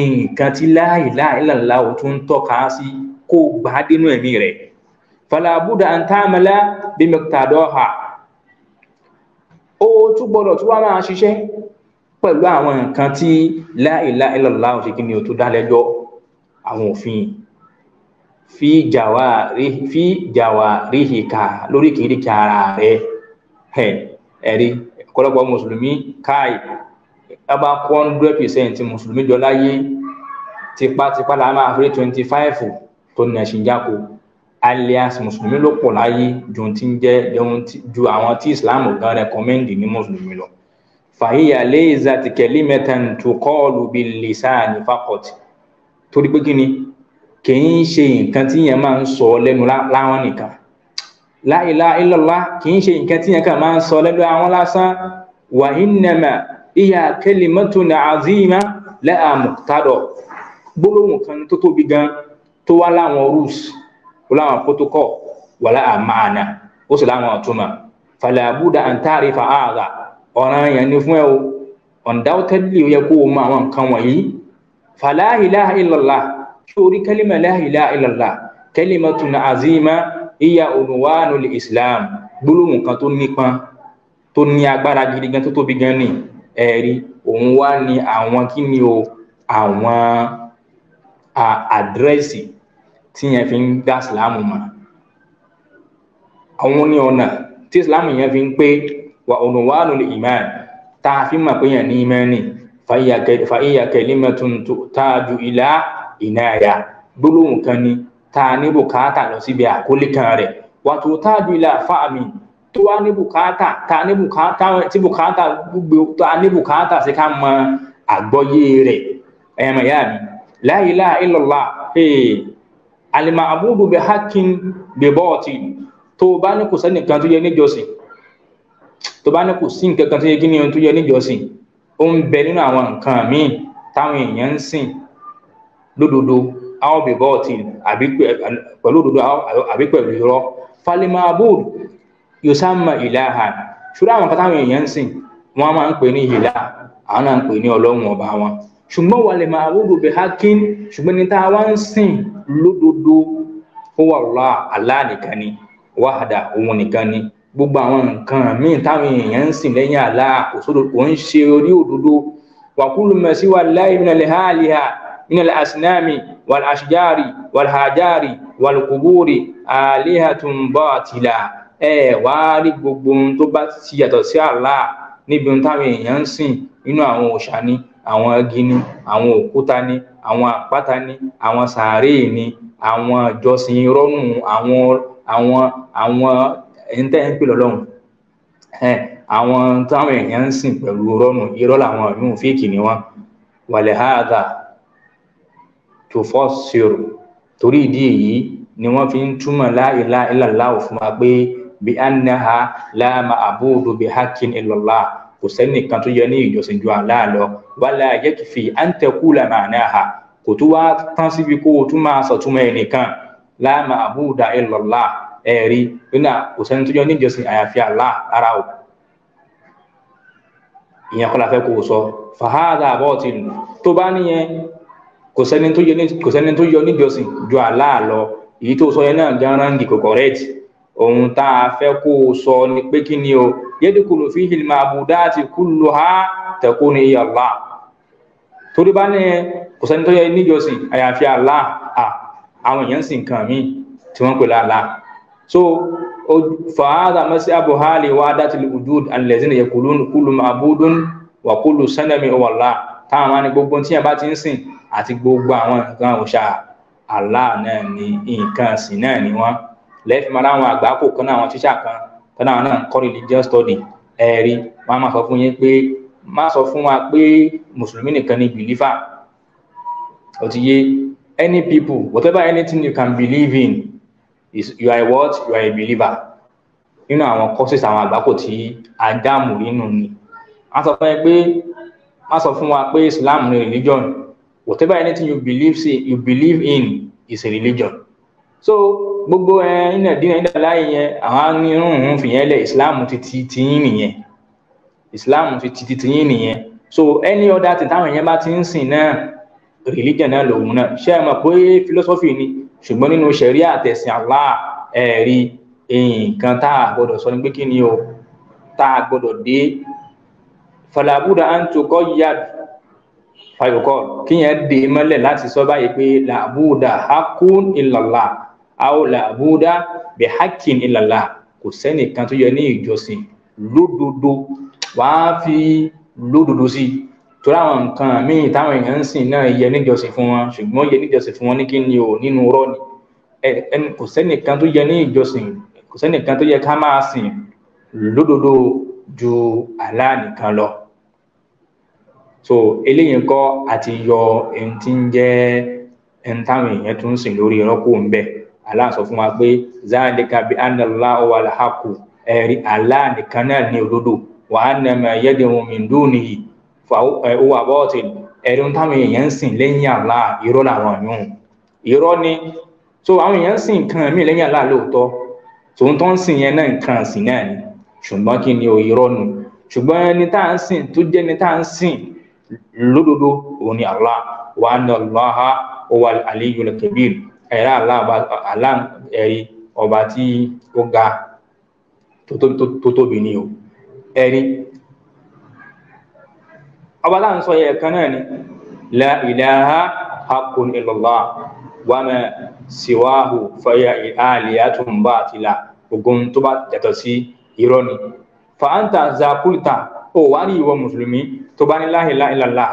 nǹkan tí láìláì lànà o tún tọ́ka sí kó o gbà á dénú ẹ̀mí rẹ̀ falabuda antamala bimektadoha o tún gbọ́dọ̀ tún wá máa ṣiṣẹ́ pẹ̀lú àwọn nǹkan tí láìláì lànà o ṣe kí ni o tún dá lẹ́jọ́ àwọn òfin yìí fi jawari fi jawarihika lórí kìrìkì ara rẹ ẹ ẹrí ọ̀pọ̀lọpọ̀ mùsùlùmí káì ọba kọ hundred percent mùsùlùmí jọ láyé tipátipá la máa fi twenty five tó nà ṣìjáko alias mùsùlùmí ló pọ̀ láyé ju ti ń jẹ ju àwọn tí islam gan rẹkọmẹndì ní mùsùlùmí lọ fàyíyà lẹ́yìn zatikẹ́lí mẹ́ta tó kọ́ ọ́ lu bí lisan faqat torí pé kí ni kì í ṣe nǹkan tí yẹn máa ń sọ lẹ́nu láwọn nìkan la ilaha illallah kì í ṣe nǹkan tí yẹn kàn máa ń sọ lẹ́nu àwọn lásán wa innama iya kalimatun azima laha muqtada gbólóhùn kan tó tóbi gan tó wá láwọn rules ó láwọn protocol wà laha ma'ana ó sì láwọn ọ̀túnmọ̀ fala budda an ta'rifa ọ̀ràn yẹn ni fún ẹ o undoubtedly ó yẹ kó o mọ àwọn nǹkan wọ̀nyí fala ilaha sórí kálímà la ilaha illallah kalimatun azima iya unwanul islam gbólóhùn kan tó nípa tó ní agbára gidi gan tó tóbi gan ni ẹ̀rí òun wá ní àwọn kí ni o àwọn àdírẹ́sì tí yẹn fi ń dá islam mọ̀ àwọn ní ọ̀nà tí islam yẹn fi ń pé wa unwanul iman tá a fi mọ̀ pé yẹn ní imani fa iya kalimatun tájú ìlà ìnáyà gbólóhùn kan ni tá a ní bùkátà lọ síbi àkólé kan rẹ̀ wàtò táàjú ilé àfáàmì tó wá ní bùkátà tá a ní bùkátà tí bùkátà gbogbo tá a ní bùkátà sí ká mọ àgbọ́yé rẹ̀ ẹ̀yàmà ìyá mi la ilaha illallah alima abudu bi hakin bi bọ́ọ̀tì tó bá ní kò sẹ́nìkan tó yẹ níjọsìn tó bá ní kò sí nǹkan kan tó yẹ kí ni tó yẹ níjọsìn ó ń bẹ nínú àwọn nǹkan míì táwọn èèyàn ń sìn lódodo aw bẹ bọ ọtí àbí pẹ̀lú òdodo àbí pẹ̀lú irọ́ falimabud yosama ilaha ṣùgbọ́n àwọn kata àwọn èèyàn ń sìn wọ́n máa ń pè ní ìlà àwọn náà ń pè ní ọlọ́run ọba wọn ṣùgbọ́n walimabud bẹ hakin ṣùgbọ́n ní tá a wá ń sìn lódodo ó wà lọ́la Allah nìkan ni wàhádà òun nìkan ni gbogbo àwọn nǹkan míì táwọn èèyàn ń sìn lẹ́yìn Allah kò ń ṣe orí òdodo wàkúlùmọ̀ sí wà láì من الأصنام والأشجار والحجار والقبور آلهة باطلة ẹ wá rí gbogbo ohun tó bá ti yàtọ̀ sí Allah níbi ohun táwọn èèyàn ń sìn nínú àwọn òòṣà ni àwọn igi ni àwọn òkúta ni àwọn àpáta ni àwọn sàárèè ni àwọn ìjọsìn rọ́nù àwọn àwọn àwọn ẹni ń pè lọ́lọ́run àwọn táwọn èèyàn ń sìn pẹ̀lú rọ́nù irọ́ làwọn ìlú fíìkì ni wọ́n wàlẹ̀ háàdà tufassiru torí ìdí èyí ni wọ́n fi ń túmọ̀ la ilaha illallah fún wa pé bí annaha la ma'budu bi haqqin illallah kò sẹ́nìkan tó yẹ ní ìjọsìn ju Allah lọ wala yakfi an taqula ma'naha kò tó wá tán síbi kó o tún máa sọ̀túnmọ̀ ẹnìkan la ma'buda illallah ẹ̀rí nínú kò sẹ́ni tó yẹ ní ìjọsìn àyàfi Allah ara o ìyẹn kọ́ la kó o sọ fàhádà bọ́ọ̀tì tó bá níyẹn kò sẹ́ni tó yọ kò sẹ́ni tó yọ níjọsìn ju Allah lọ èyí tó sọ yẹn náà garangi kò correct ohun tá a fẹ́ kó o sọ ni pé kí ni o yadkhulu fihi al-ma'budati kulluha takunu iya Allah torí bá ní kò sẹ́ni tó yẹ níjọsìn àyàfi Allah à àwọn èèyàn sì nǹkan míì tí wọ́n pè láàlá so fàáza masi abu hali wa datil wujud allazina yaqulun kullu ma'budun wa kullu sanami huwa Allah táwọn máa ní gbogbo tí yẹn bá ti ń sìn àti gbogbo àwọn nǹkan òòṣà Allah náà ni nǹkan ẹ̀sìn náà ni wọ́n lẹ́ẹ̀fì máa láwọn àgbákò kan náà àwọn tíṣà kan kan náà náà kọ́ religious study ẹ̀rí wọ́n á máa sọ fún yín pé má sọ fún wa pé mùsùlùmí nìkan ni believer ó ti yé any people whatever anything you can believe in is you are a what you are a believer nínú àwọn courses àwọn àgbákò tí ádámù nínú ni wọ́n á sọ fún yín pé má sọ fún wa pé Islam ni religion whatever anything you believe in you believe in is a religion so gbogbo ẹ iná dínà iná láàyè yẹn àwọn anírùnrùn fìyẹn lẹ islam ti ti tiyín nìyẹn islam ti ti ti tiyín nìyẹn so any other thing táwọn èèyàn bá ti ń sìn náà religion náà lòun náà ṣé ẹ mọ̀ pé philosophy ni ṣùgbọ́n nínú sharia àtẹ̀sìn Allah ẹ̀rí nǹkan tá a gbọ́dọ̀ sọ ni pé kí ni o tá a gbọ́dọ̀ dé falabuda antukọ fayokọ kíyẹn dè é mọ́lẹ̀ láti sọ báyìí pé làbúdà hakun ìlàlá àwọn làbúdà bẹ hakin ìlàlá kò sẹ́nìkan tó yẹ ní ìjọsìn lódodo wàá fi lódodo sí i torí àwọn nǹkan míì táwọn èèyàn ń sìn náà yẹ níjọsìn fún wọn ṣùgbọ́n yẹ níjọsìn fún wọn ní kí ni o nínú rọ ni ẹni kò sẹ́nìkan tó yẹ ní ìjọsìn kò sẹ́nìkan tó yẹ ká máa sìn lódodo ju Allah nìkan lọ so eléyìí kọ́ àti yọ ẹni tí ń jẹ́ ẹni táwọn èèyàn tún ń sìn lórí ìrọ́pò ń bẹ̀ Allah fún wa pé zaalika bi anna Allah wal haqq ẹ̀rí Allah nìkan náà ní òdodo wa anna ma yad'u min dunihi huwa batil ẹ̀rí táwọn èèyàn ń sìn lẹ́yìn Allah irọ́ làwọn yòówù irọ́ ni so àwọn èèyàn ń sìn nǹkan míì lẹ́yìn Allah lóòótọ́ tòun tó ń sìn yẹn náà nǹkan sìn náà ni ṣùgbọ́n kí ni ò irọ́ nu ṣùgbọ́n ẹni tá à ń sìn tó jẹ́ ẹni tá à ń sìn lódodo òun ni allah wa anna allaha huwa al-aliyyul kabir ẹ̀rá allah ẹ̀rí ọba tí ó ga tó tóbi ni o ẹ̀rí ọba láà ń sọ yẹ ẹ̀kan náà ni la ilaha haqqun illallah wa ma siwahu faya aliyatun batila ogun tó bá yàtọ̀ sí irọ́ ni zakulta ò wá rí ìwọ mùsùlùmí tó bá ní la ilaha illallah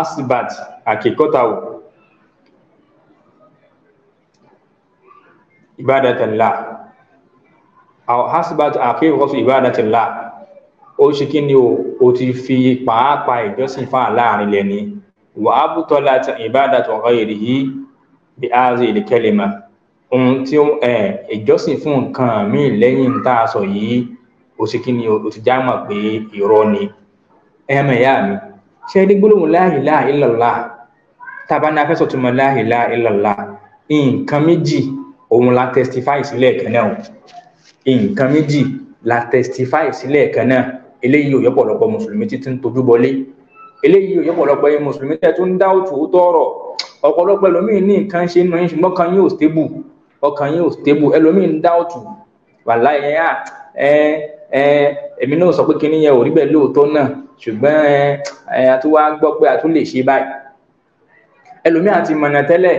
asibat àkíkọ́ta o ìbádàtàlá àwọn asibat àkíkọ́tù ìbádàtàlá ó ṣe kí ni o ti fi pàápàá ìjọsìn fáà láàrin lẹ́ni wà á bú tọ́lá ìbádàtà ghayrihi yìí bí a ṣe ìdíkẹ́lẹ̀ mọ́ ohun tí ìjọsìn fún nǹkan míì lẹ́yìn tá sọ yìí o ṣe kí ni o ti já mọ̀ pé irọ́ ni ẹ̀mọ̀ ìyá mi ṣe é dé gbólóhùn la ilaha illallah tábà ní afẹ́sọ̀ tó mọ la ilaha illallah nǹkan méjì òun la testify sílẹ̀ kan náà nǹkan méjì la testify sílẹ̀ kan náà eléyìí ò yọpọlọpọ mùsùlùmí títí ń tojú bọlé eléyìí ò yọpọlọpọ mùsùlùmí tẹ tó ń dá òtù ó tọrọ ọ̀pọ̀lọpọ̀ ẹlòmíín ní nǹkan ṣe nù yín ṣùgbọ́n kan yín ò stable ọkàn yín ò stable ẹlòmíín ń dá òtù wàláyé ẹ èmi náà sọ pé kinní yẹn ò rí bẹ́ẹ̀ lóòótọ́ náà ṣùgbọ́n a tún wá gbọ́ pé a tún lè ṣe báyìí ẹlòmíì àti mọ̀nà tẹ́lẹ̀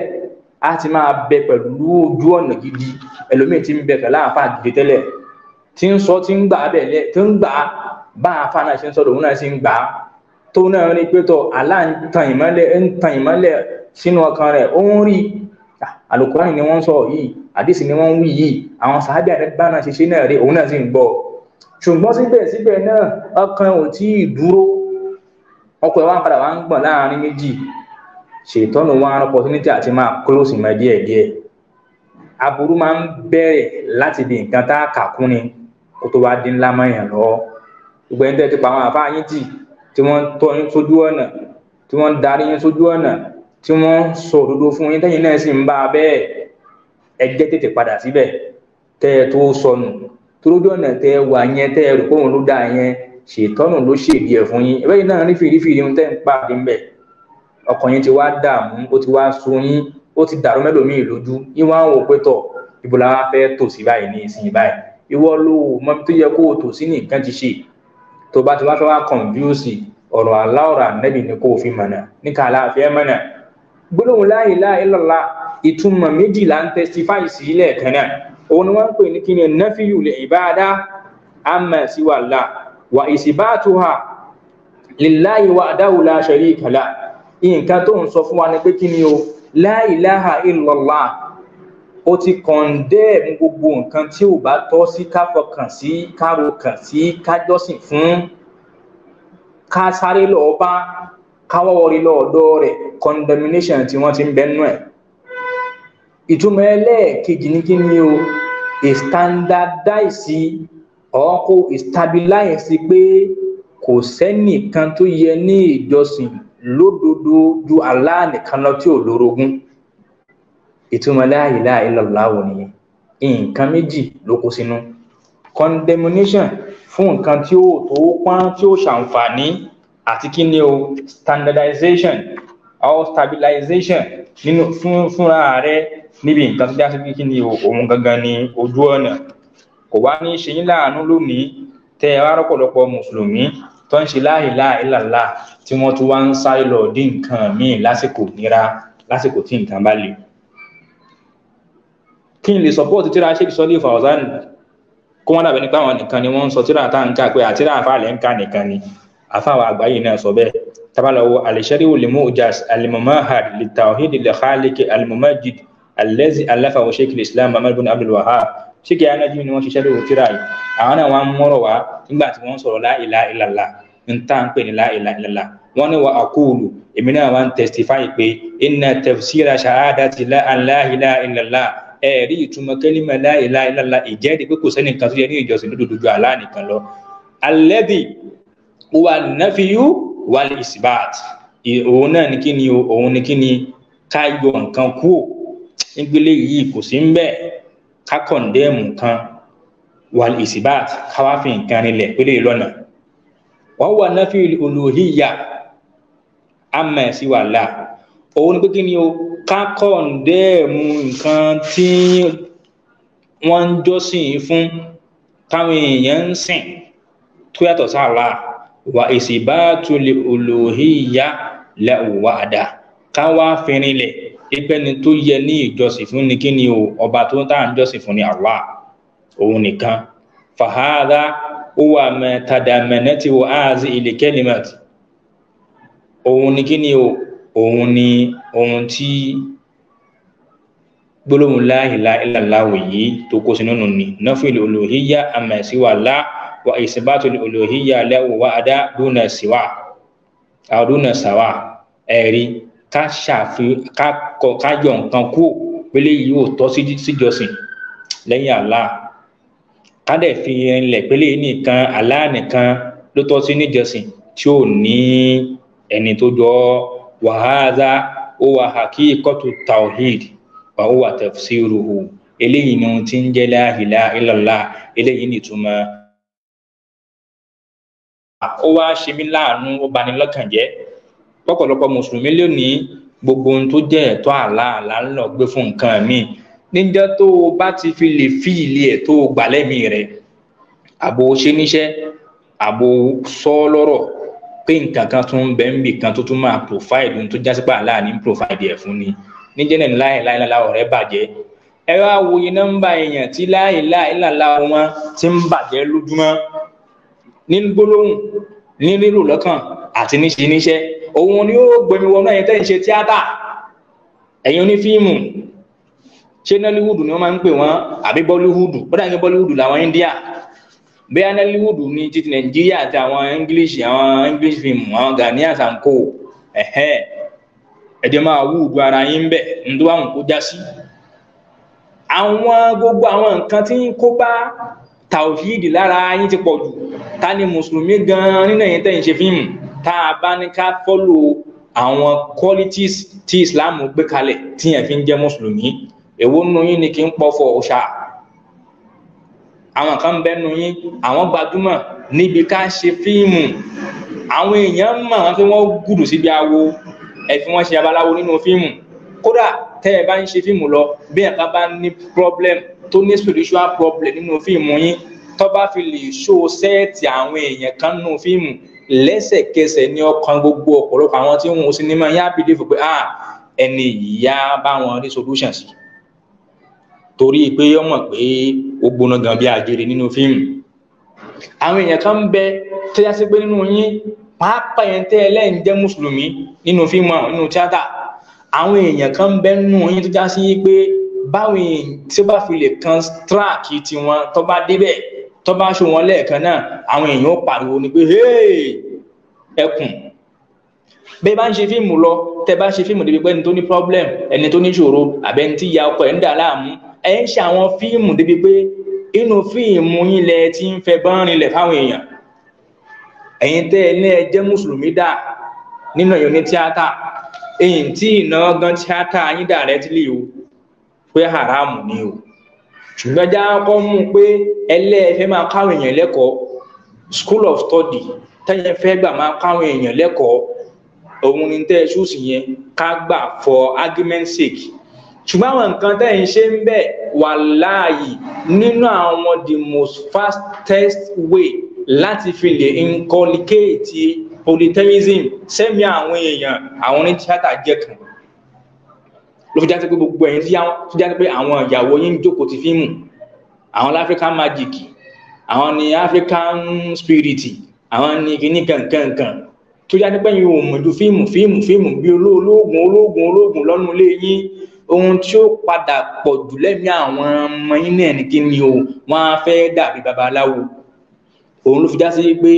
a ti máa bẹ pẹ̀lú ojú ọ̀nà gidi ẹlòmíì ti ń bẹ pẹ̀lú àáfàá gidi tẹ́lẹ̀ tí ń sọ tí ń gbà bẹ̀lẹ̀ tí ń gbà bá àáfàá náà ṣe ń sọ lòun náà ṣe ń gbà tó náà rí pé tọ àlá ń tan ìmọ́lẹ̀ ń tan ìmọ́lẹ̀ sínú ọkàn rẹ̀ ó ń rí àlùkùránì ni wọ́n ń sọ yìí àdìsí ni wọ́n ń wí yìí àwọn sàábì àdẹ́gbà ṣe ṣe náà rí òun náà sì ń gbọ́ ṣùgbọ́n síbẹ̀síbẹ̀ náà ọkàn ò tí ì dúró ọkọ̀ ẹ̀ wá ń padà wá ń gbọ̀n láàrin méjì ṣètọ́nù wa ń opportunity àti máa close mọ́ díẹ̀díẹ̀ aburú máa ń bẹ̀rẹ̀ láti di nǹkan tá a kà kún ni kó tó wá dín ńlá mọ́ èèyàn lọ́wọ́ gbogbo ẹni tẹ́ ti pa àwọn àbá yín tì tí wọ́n ń tọ́ yín sójú ọ̀nà tí wọ́n darí yín sójú ọ̀nà tí wọ́n sọ òdodo fún yín tẹ́yìn náà sì ń bá a bẹ́ẹ̀ ẹ jẹ́ tètè padà síbẹ̀ tẹ́ ẹ tó sọnù torójú ọ̀nà tẹ́ wà yẹn tẹ́ rò pé òun ló dáa yẹn ṣètọ́nù ló ṣèdí ẹ̀ fún yín ẹ̀rọ yìí náà ní fìrífìrí tẹ́ ń pa àbí mbẹ̀ ọkàn yín ti wá dààmú ó ti wá sun yín ó ti dàrú mẹ́lòmíì lójú yín wá ń wò pé tọ̀ ibo la wá fẹ́ tò sí báyìí ní ìsìn báyìí ìwọ ló wò mọ́ tó yẹ kó o tò sí nìkan ti ṣe tó bá ti wá fẹ́ wá kọ̀ǹfíùsì ọ̀rọ̀ àlá ànẹ́bì ni kò fi mọ̀nà níka aláàfẹ́ mọ̀nà gbólóhùn la ilaha illallah ìtumọ̀ méjì là ń testify sí lẹ́ẹ̀kan náà òun ni wọ́n ń pè ní kí ni nafiyu lil ibada amma siwa Allah wa isbatuha lillahi wahdahu la sharika lah nǹkan tó ń sọ fún wa ni pé kí ni o la ilaha ó ti condemn gbogbo nǹkan tí ò bá tọ́ sí káfọkàn sí károkàn sí kájọ́sìn fún ká sáré lọ́ọ́ bá káwọ́wọ́rí lọ́ọ̀dọ́ rẹ̀ condemnation tí wọ́n ti ń bẹ́nu ẹ̀ ìtumọ̀ ẹlẹ́ẹ̀kejì ní kí ni o standardize ọkọ̀ stabilize pé kò sẹ́nìkan tó yẹ ní ìjọsìn lódodo ju Allah nìkan lọ tí ò lórogún ìtumọ̀ la ilaha illallah nìyẹn nǹkan méjì ló kó sínú condemnation fún nǹkan tí ó tó pọ́n tí ó ṣàǹfààní àti kí ni o standardization or stabilization nínú fún fúnra rẹ níbi nǹkan tó dásí kí ni òun gangan ni ojú ọ̀nà kò wá ní ṣe yín láàánú lónìí tẹ ẹ wá rọpọlọpọ mùsùlùmí tó ń ṣe láìláà ìlàlá tí wọn tún wá ń sáré lọ dín nǹkan míì lásìkò nira lásìkò tí nǹkan bá le kí n lè support tíra sheikh sọlí fawzan kó wọn dàbí nípa àwọn nìkan ni wọn ń sọ tíra tá à kà pé àtìrà àfa lẹ ń kà nìkan ni àfa àwọn àgbáyé náà sọ bẹ́ẹ̀ tabalawo alishariwu limujaz alimamahad litawhid likhaliki alimamajid alẹ́zi aláfàwọ̀ sheikh islam muhammad bin abdul wahab sheikh anaji ni wọ́n ṣiṣẹ́ lórí tíra yìí àwọn náà wọ́n mọ̀rọ̀ wá nígbà tí wọ́n sọ̀rọ̀ la ilaha illallah ń tà ń pè ní la ilaha illallah wọ́n ní wa aqulu èmi náà wọ́n testify pé inna tafsira shahadati la ilaha illallah ẹ̀rí ìtumọ̀ kẹ́límà la ilaha illallah ìjẹ́rìí pé kò sẹ́ni nǹkan tó yẹ ní ìjọsìn lódodo ju lọ alladhi huwa nafiyu wal isbat òun náà ní kí ni òun ní kí ni ká yọ nǹkan kúò nígbélé yìí kò sí ń bẹ ká kan wal isbat ká wá fi nǹkan rinlẹ̀ pélé lọ́nà wa huwa nafi uluhiyya amma siwa Allah òun ní pé kí ni o ká kọ̀ǹdẹ́ẹ̀mù nǹkan tí wọ́n ń jọ́sìn fún táwọn èèyàn ń sìn tó yàtọ̀ sí Allah wà ìsìbáàtú lè olóhìyà lẹ́wàdà ká wá fìrìnlẹ̀ pípẹ́ ni tó yẹ ní ìjọsìn fún ni kí ni o ọba tó ń tà ń jọsìn fún ni Allah òun nìkan fàhádà ó wà mẹ tàdàmẹ́nẹ́ tí wọ́n áàzì ilé kẹ́límẹ̀tì òun ni kí ni o òun ni ohun tí gbólóhùn la ilaha illallah yìí tó kó sínú nù ní náfìlì olóhìyà àmẹ́síwà wa isbatul uluhiyya lahu wahda dúnà síwá àdúnà sàwà ẹ̀rí ká ṣàfihàn ká yọ nǹkan kú pélé yìí ò tọ́ síjọsìn lẹ́yìn Allah ká dẹ̀ fi rinlẹ̀ pélé nìkan Allah nìkan ló tọ́ sí níjọsìn tí ò ní ẹni tó jọ wàhálà ó wà hakíkọ́tù tawhid wa huwa tafsiruhu eléyìí ni ohun tí ń jẹ́ la ilaha illallah ni ìtumọ̀ ó wá ṣe mí láàánú ó bani lọ́kàn jẹ́ pọ̀pọ̀lọpọ̀ mùsùlùmí lónìí gbogbo ohun tó jẹ́ ẹ̀tọ́ àlá àlá ń lọ gbé fún nǹkan míì níjọ́ tó o bá ti fi lè fi ilé ẹ̀ tó o gbà lẹ́mìí rẹ̀ àbò ṣe níṣẹ́ àbò sọ lọ́rọ̀ pé nǹkan kan tún bẹ ń bì kan tó tún máa provide ohun tó jásí pé àlá ní provide ẹ̀ fún ni níjẹ́ náà láìláìláìlá ọ̀rẹ́ bàjẹ́ ẹ wá wo nọ́mbà èèyàn tí láìláìláìlá wọn ti ń bàjẹ́ lójúmọ́ ní gbólóhùn ní rírò lọ́kàn àti níṣe níṣẹ́ òun ni ó gbẹmí wọnú ẹ̀yin tẹ́ ń ṣe tíátà ẹ̀yin onífíìmù ṣé nollywood ni wọ́n máa ń pè wọ́n àbí bollywood ó dàgbé bollywood làwọn india bẹ́ẹ̀ nollywood ní títí nàìjíríà àti àwọn english àwọn english film àwọn ghanaians and co ẹ̀jẹ̀ máa wú ara yín bẹ̀ ń tó àwọn kó já sí tàwíìdì lára yín ti pọ̀ jù ta ni mùsùlùmí gan-an nínú ẹ̀yin tẹ̀yìn ṣe fíìmù tá bá ní ká fọ́lò àwọn qualities tí islam gbé kalẹ̀ tí yẹn fi ń jẹ́ mùsùlùmí èwo nínú yín ni kí n pọ̀fọ̀ ọ̀ṣà àwọn kan bẹ́ nínú yín àwọn gbajúmọ̀ níbi ká ṣe fíìmù àwọn èèyàn mọ̀ pé wọ́n gùdù síbi awo ẹ fi wọ́n ṣe abaláwo nínú fíìmù kódà tẹ́ ẹ bá ń ṣe fíìmù lọ bí ẹ̀ka bá ní problem tó ní spiritual problem nínú fíìmù yín tó bá fi lè ṣó sẹ́ẹ̀tì àwọn èèyàn kan nínú fíìmù lẹ́sẹ̀kẹsẹ̀ ní ọkàn gbogbo ọ̀pọ̀lọpọ̀ àwọn tí wọn ò ní mọ̀ yá bìlẹ̀ fò pé ah ẹni ìyá bá wọn rí solution sí torí pé ó mọ̀ pé ó gbóná gan bí àjèrè nínú fíìmù àwọn èèyàn kan ń bẹ tó yá sí pé nínú yín pàápàá yẹn tẹ́ ẹlẹ́yìn jẹ́ mùsùlùmí nínú fíìmù nínú tíátà àwọn èèyàn kan ń bẹ nínú yín tó já sí pé báwọn tí ó bá fi lè kan tíráàkì tiwọn tó bá débẹ̀ tó bá ṣó wọn lẹ́ẹ̀kan náà àwọn èèyàn ó pariwo ni pé ẹkùn bẹ́ẹ̀ bá ń ṣe fíìmù lọ tẹ́ bá ṣe fíìmù débi pé ẹni tó ní problem ẹni tó ní ṣòro àbẹ́ni tí ya ọkọ ẹ̀ ń dà láàmú ẹ̀ ń ṣe àwọn fíìmù débi pé inú fíìmù yín lẹ ti ń fẹ́ bọ́n rinlẹ̀ fáwọn èèyàn ẹ̀yin tẹ́ ẹ ní ẹ jẹ́ mùsùlùmí dà nínú ẹ̀yọ́ ní tíátà èyí tí ìná gan tíátà yín dà rẹ́ ti lè wò pé haramu ni o ṣùgbọ́n já kọ́ mú pé ẹlẹ́ẹ̀fẹ́ máa káwọn èèyàn lẹ́kọ̀ọ́ school of study tẹ́yẹ fẹ́ gbà máa káwọn èèyàn lẹ́kọ̀ọ́ òun ni tẹ́ ẹ ṣúùsì yẹn ká gbà for argument sake ṣùgbọ́n àwọn nǹkan tẹ́ ń ṣe ń bẹ̀ wà láàyè nínú àwọn the most fastest way láti fi lè inculcate polytheism sẹ́mi àwọn èèyàn àwọn onítìátà jẹ́ kan ló fi jáde pé gbogbo ẹ̀yin tí tó jáde pé àwọn ìyàwó yín jókòó ti fíìmù àwọn african magic àwọn ni african spirit àwọn ni kíní kankankan tó jáde pé yín ò mọ̀ ju fíìmù fíìmù fíìmù bí olóògùn olóògùn olóògùn lọ́nu ilé yín ohun tí ó padà pọ̀ jù lẹ́mí àwọn ọmọ yín náà ni kíni o wọ́n á fẹ́ dàbí babaláwo òun ló fi já sí pé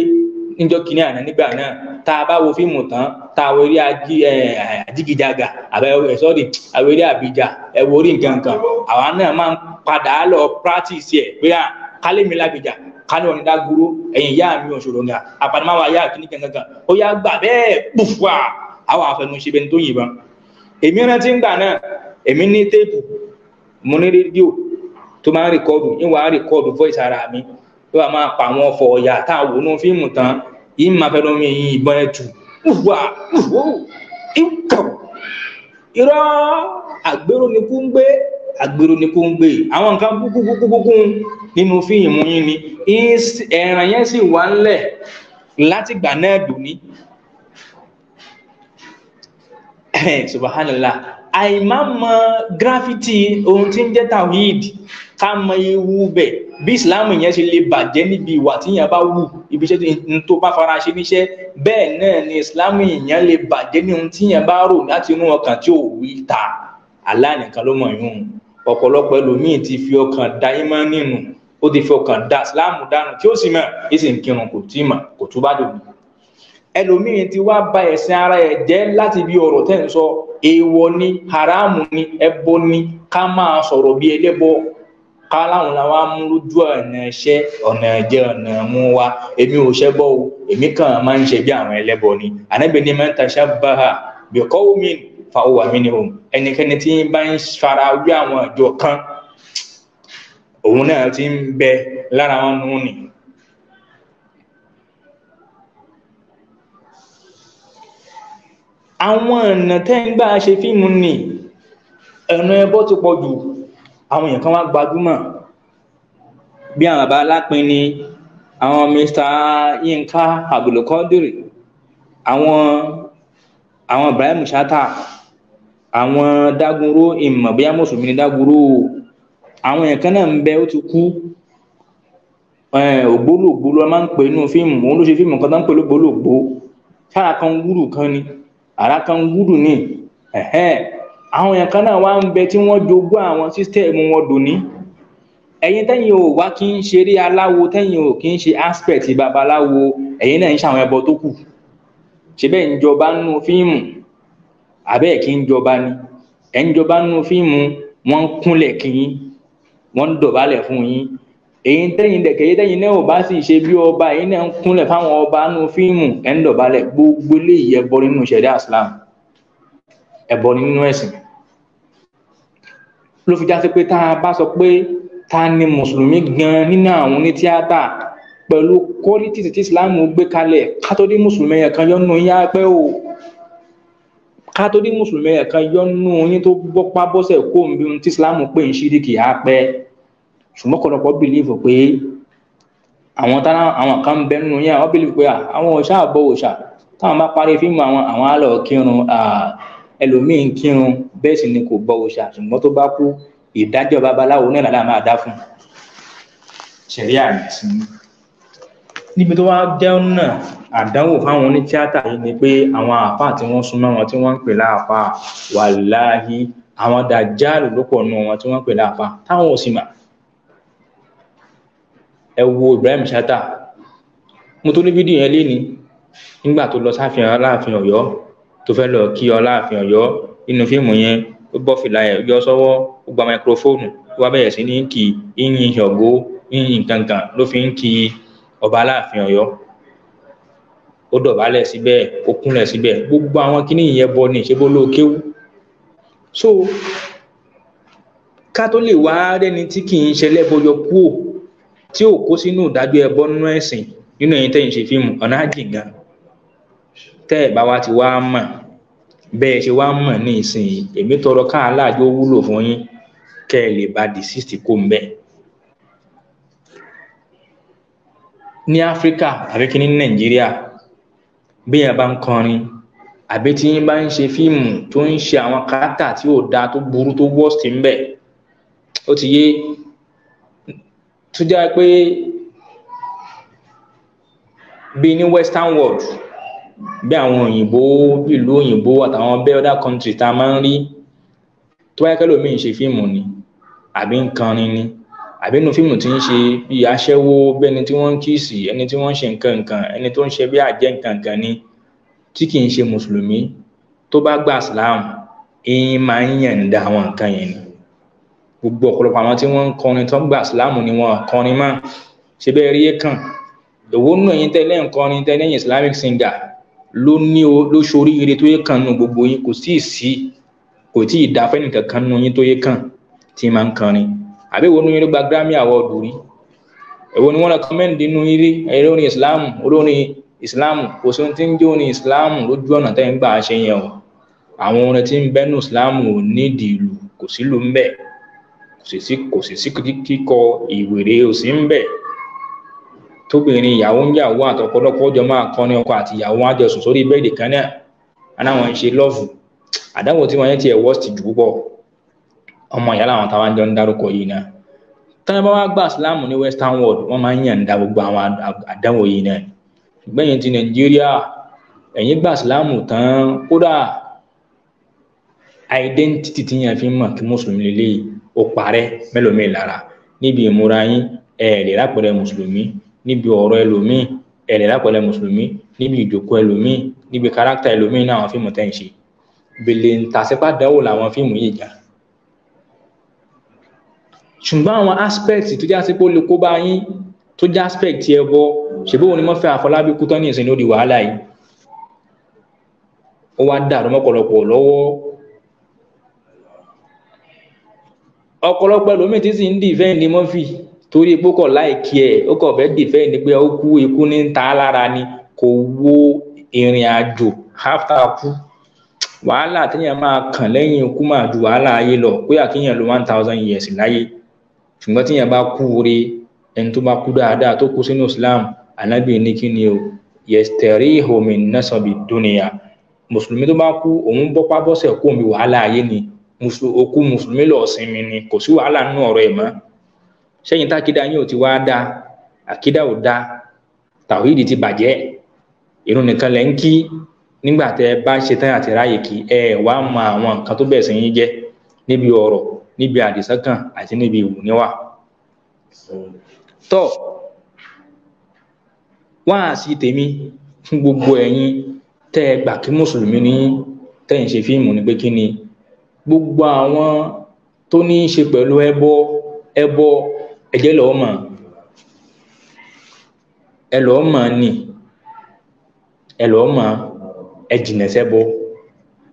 níjọ́ kìíní àná nígbà náà tá a bá wo fíìmù tán tá a wo eré ajígijaga àbẹ̀sọ́dì àwọn eré àbíjà ẹ̀wọ̀ orí nǹkan kan àwa náà máa ń padà lọ practice ẹ̀ pé à kálẹ̀mí lágbèjà kálẹ̀ ọ̀nì dágúró ẹ̀yìn ìyá mi òṣòro nga àpàdémáwá yá kìíní kankan ó yá gbà bẹ́ẹ̀ pùfù à àwọn àfẹnusẹ bẹni tó yìnbọn èmi rántí ń náà èmi ní téèpù mo ní rédíò tó máa ń rìkọ́ọ̀dù ń wàá rìkọ́ọ̀dù voice ara mi yóò wá máa pa àwọn ọ̀fọ̀ ọ̀yà tá a wò nínú fíìmù tán yìí máa fẹ́ lómi yìí ìbọn ẹ̀ tù wà irọ́ àgbérò ni kú ń gbé àgbèrò ni kò ń gbé àwọn nǹkan kúkúkúkú nínú fíìmù yín ni ẹ̀ràn yẹn sì wà ńlẹ̀ láti gbà náà dùn ní. subhanallah àìmá mọ gírafítì ohun tí ń jẹ́ tawhid ká mọ ewu bẹ́ẹ̀ bí islam yẹn ṣe lè bàjẹ́ níbi ìwà tíyàn bá wù ibi iṣẹ́ tó bá fara ṣe níṣẹ́ bẹ́ẹ̀ náà ni islam yẹn lè bàjẹ́ ní ohun tíyàn bá rò láti inú ọkàn tí ò wí ta aláìníkan ló mọ̀ yún ọ̀pọ̀lọpọ̀ ẹlòmíì ti fi ọkàn da ìmọ̀ nínú ó ti fi ọkàn da islam dànù tí ó sì mọ̀ yìí sì ń kírun kò tí mà kò tún bá dòbí ẹlòmíì ti wá ba ẹ̀sìn ara ẹ̀ jẹ́ láti bí ọ̀rọ̀ tẹ́ ń sọ èèwọ̀ ni haramu ni ẹbọ ni ká máa sọ̀rọ̀ bí ẹlẹ́bọ ká láwọn làwọn á mú lójú ọ̀nà iṣẹ́ ọ̀nà jẹ ọ̀nà mú wa èmi ò ṣẹbọ o èmi kàn máa ń ṣe bí àwọn ẹlẹ́bọ ni ànábì ní man tashabbaha bi qawmin fa huwa minhum ẹnikẹ́ni tí bá ń fara wí àwọn ìjọ kan òun náà ti ń bẹ lára wọn nù ni. àwọn ọ̀nà tẹ́ ń gbà ṣe fíìmù ni ọ̀nà ẹbọ ti pọ̀ jù àwọn èèyàn kan wá gbajúmọ̀ bí àwọn bàbá alápin ni àwọn Mr. Yinka Abdulkadir àwọn àwọn Ibrahim Shata àwọn Dagunro ìmọ̀ bóyá mùsùlùmí ni Dagunro àwọn èèyàn kan náà ń bẹ ó ti kú ògbólógbó ló máa ń pè nínú fíìmù òun ló ṣe fíìmù kan tó ń pè lógbólógbó sára kan gúdù kan ni àrà kan gúdù ni ẹ̀hẹ́n àwọn èèyàn kan náà wá ń bẹ tí wọ́n jogún àwọn sísítẹ̀mù wọn dòní ẹ̀yin tẹ́yin ò wá kí ń ṣeré aláwo tẹ́yin ò kí ń ṣe aspect babaláwo ẹ̀yin náà ń ṣe àwọn ẹbọ tó kù ṣe bẹ́ẹ̀ ń jọba nínú fíìmù àbẹ́ẹ̀ kí ń jọba ni ẹ̀ ń jọba nínú fíìmù wọ́n ń kúnlẹ̀ kí yín wọ́n ń dọ̀bálẹ̀ fún yín ẹ̀yin tẹ́yin dẹ̀kẹ́ ẹ̀yin tẹ́yin náà ò bá sì ṣe bí ọba ẹ̀yin náà ń kúnlẹ̀ fáwọn ọba nínú fíìmù ẹ̀ ń dọ̀bálẹ̀ gbogbo eléyìí ẹbọ nínú ṣẹ̀dá Islam ẹbọ nínú ẹ̀sìn ló fi jásí pé tá a bá sọ pé ta ni mùsùlùmí gan nínú àwọn ní tíátà pẹ̀lú kọ́lítì tí islam gbé kalẹ̀ kátólí mùsùlùmí yẹn kan yọnu yá pẹ́ o kátólí mùsùlùmí yẹn kan yọnu yín tó bọ́pá bọ́sẹ̀ kó ń bí ohun tí islam pè ń ṣírí kì á pẹ́ ṣùgbọ́n kọ̀lọ̀kọ̀ bìlíìfù pé àwọn tára àwọn kan bẹ nínú yẹn àwọn bìlíìfù pé ah, àwọn òṣà àbọ̀ òṣà táwọn bá parí fíìmù àwọn àwọn àlọ́ kírun ẹlòmíín kírun bẹ́ẹ̀ sì ni kò bọ òòṣà ṣùgbọ́n tó bá kú ìdájọ́ babaláwo náà làdá máa dá fún ṣẹ̀rí àmì níbi tó wá jẹ́ náà àdánwò fáwọn onítíátà yìí ni pé àwọn àáfàá tí wọ́n súnmọ́ wọn tí wọ́n ń pè láàfáà wàláhí àwọn dàjáàlù ló pọ̀ nù wọn tí wọ́n ń pè láàfáà táwọn ò sì mà ẹ wo Ibrahim Chatta mo tó ní fídíò yẹn léni nígbà tó lọ sáfihàn láàfin Ọ̀yọ́ tó fẹ́ lọ kí ọ láàfin Ọ̀yọ́ nínú fíìmù yẹn ó bọ́ fìlà ẹ̀ yọ sọ́wọ́ ó gba máikrófóònù ó wá bẹ̀rẹ̀ sí ní kì í yìn ṣọ̀gbó yìn kankan ló fi ń kì í ọba aláàfin ọ̀yọ́ ó dọ̀bálẹ̀ síbẹ̀ ó kúnlẹ̀ síbẹ̀ gbogbo àwọn kíní yẹn bọ ní ìṣebó ló kéwú so ká tó lè wá rẹni tí kì í ṣe lẹ́bọyọ kúò tí ò kó sínú ìdájọ́ ẹbọ nínú ẹ̀sìn nínú ẹ̀yin tẹ́yin ṣe fíìmù ọ̀nà àjìgàn tẹ́ ẹ̀ bá wa ti wá mọ̀ bẹ́ẹ̀ ṣe wá mọ̀ ní ìsinyìí èmi tọrọ ká aláàjọ wúlò fún yín kẹ́ ẹ lè ba deceased kó ń bẹ̀. ní áfíríkà àbí kí ní nàìjíríà bí yẹn bá ń kọrin àbí tí yín bá ń ṣe fíìmù tó ń ṣe àwọn kárátà tí ò dáa tó burú tó worst ń bẹ̀ ó ti yé tó jẹ́ pé bíi ní western world bí àwọn òyìnbó ìlú òyìnbó àtàwọn bẹ́ẹ̀ other country tá a máa ń rí tó wáyé kẹ́lò míì ń ṣe fíìmù ni àbí ń kanrin ni àbí inú fíìmù tí ń ṣe bí aṣẹ́wó bí ẹni tí wọ́n ń kíìsì ẹni tí wọ́n ń ṣe nǹkan nǹkan ẹni tó ń ṣe bí àjẹ́ nǹkan nǹkan ni tí kì í ṣe mùsùlùmí tó bá gba islam ẹ̀yin máa ń yànda àwọn nǹkan yẹn ni gbogbo ọ̀pọ̀lọpọ̀ àwọn tí wọ́n ń kọrin tó ń gba islam ni wọ́n kọrin mọ́ ṣe bẹ́ẹ̀ rí é kàn èwo nù ẹ̀yin tẹ́lẹ̀ ń kọrin tẹ́lẹ̀ yín islamic singer ló ní o ló ṣoríire tó yẹ kàn nù gbogbo yín kò sí ìsí kò tí ì da fẹ́nì kankan nù yín tó yẹ kàn tí máa ń kọrin àbí wo nu yín ló gba Grammy award rí èwo ni wọ́n rẹkọmẹ́ndì nínú yín rí ẹ̀rọ orin Islam olórin Islam kò sí ohun tí ń jẹ́ orin Islam lójú ọ̀nà tẹ́ ń gbà ṣe yẹn o àwọn orin tí ń bẹ́nu Islam ò nídìí ìlú kò sí ìlú ń bẹ̀ kò sì sí kíkọ ìwèrè ò sí ń bẹ̀ tóbìnrin ìyàwó ń yàwó àtọ̀pọ̀lọpọ̀ jọ máa kọrin ọkọ àti ìyàwó wọn àjọsùn sórí bẹ́ẹ̀dì kan náà aláwọn ń ṣe lọ́ọ̀fù àdáwò tí wọ́n yẹn ti ẹ̀ wọ́ọ̀sì jù púpọ ọmọ ìyá làwọn táwọn jọ ń dárúkọ yìí náà tọ́lá bá wá gba ìsìláàmù ní western world wọ́n máa ń yàǹda gbogbo àwọn àdáwò yìí náà gbẹ̀yìn ti nàìjíríà ẹ̀yìn tán kódà ti yàn fi mọ̀ kí mùsùlùmí lélẹ́yìí ó parẹ́ lára níbi ìmúra níbi ọ̀rọ̀ ẹlòmíì ẹ̀rẹ̀ lápẹ̀lẹ̀ mùsùlùmí níbi ìjókòó ẹlòmíì níbi kárátà ẹlòmíì náà àwọn fíìmù tẹ̀ ń ṣe bèlè ntàsípà dánwò làwọn fíìmù yìí jà ṣùgbọ́n àwọn aspect tó já sí pé ó lè kó bá yín tó já aspect ẹ bọ ṣèbí òun ni wọ́n fẹ́ àfọlábí kú tán ní ìsìn lórí wàhálà yìí ó wá dàrú mọ́pọ̀lọpọ̀ lọ́wọ́ ọ̀pọ̀lọpọ̀ ẹlòmíì tí sì ń dìfẹ́ ni mọ́fì torí pé ó kọ̀ láìkí ó fẹ́ dìfẹ́ pé ó kú ikú ní ń ta lára ni kò wo ìrìn àjò kú wàhálà téèyàn máa kàn lẹ́yìn ikú máa ju wàhálà ayé lọ pé àkíyàn 1000 one years láyé ṣùgbọ́n téèyàn bá kú oore ẹni tó bá kú dáadáa tó kú sínú Islam ni o mùsùlùmí tó bá kú omi wàhálà ayé ni òkú mùsùlùmí lọ sinmi ni kò sí wàhálà nínú sẹ́yìn tá àkídà yín ò ti wá dá àkídà ò dá tàwíìdì ti bàjẹ́ irun nìkan lẹ ń kí nígbà tẹ bá ṣe tán àti ráàyè kí ẹ wá mọ àwọn nǹkan tó bẹ̀sẹ̀ yín jẹ́ níbi ọ̀rọ̀ níbi àdìsọ́kàn àti níbi ìwù níwà tọ́ wá sí tèmi fún gbogbo ẹ̀yin tẹ́ ẹ gbà kí mùsùlùmí ní tẹ́ ṣe fíìmù ni pé kí ni gbogbo àwọn tó ní í ṣe pẹ̀lú ẹbọ ẹbọ ẹ jẹ́ lọ́ọ́ mọ̀ ẹ lọ́ọ́ mọ̀ ni ẹ ẹ jìnà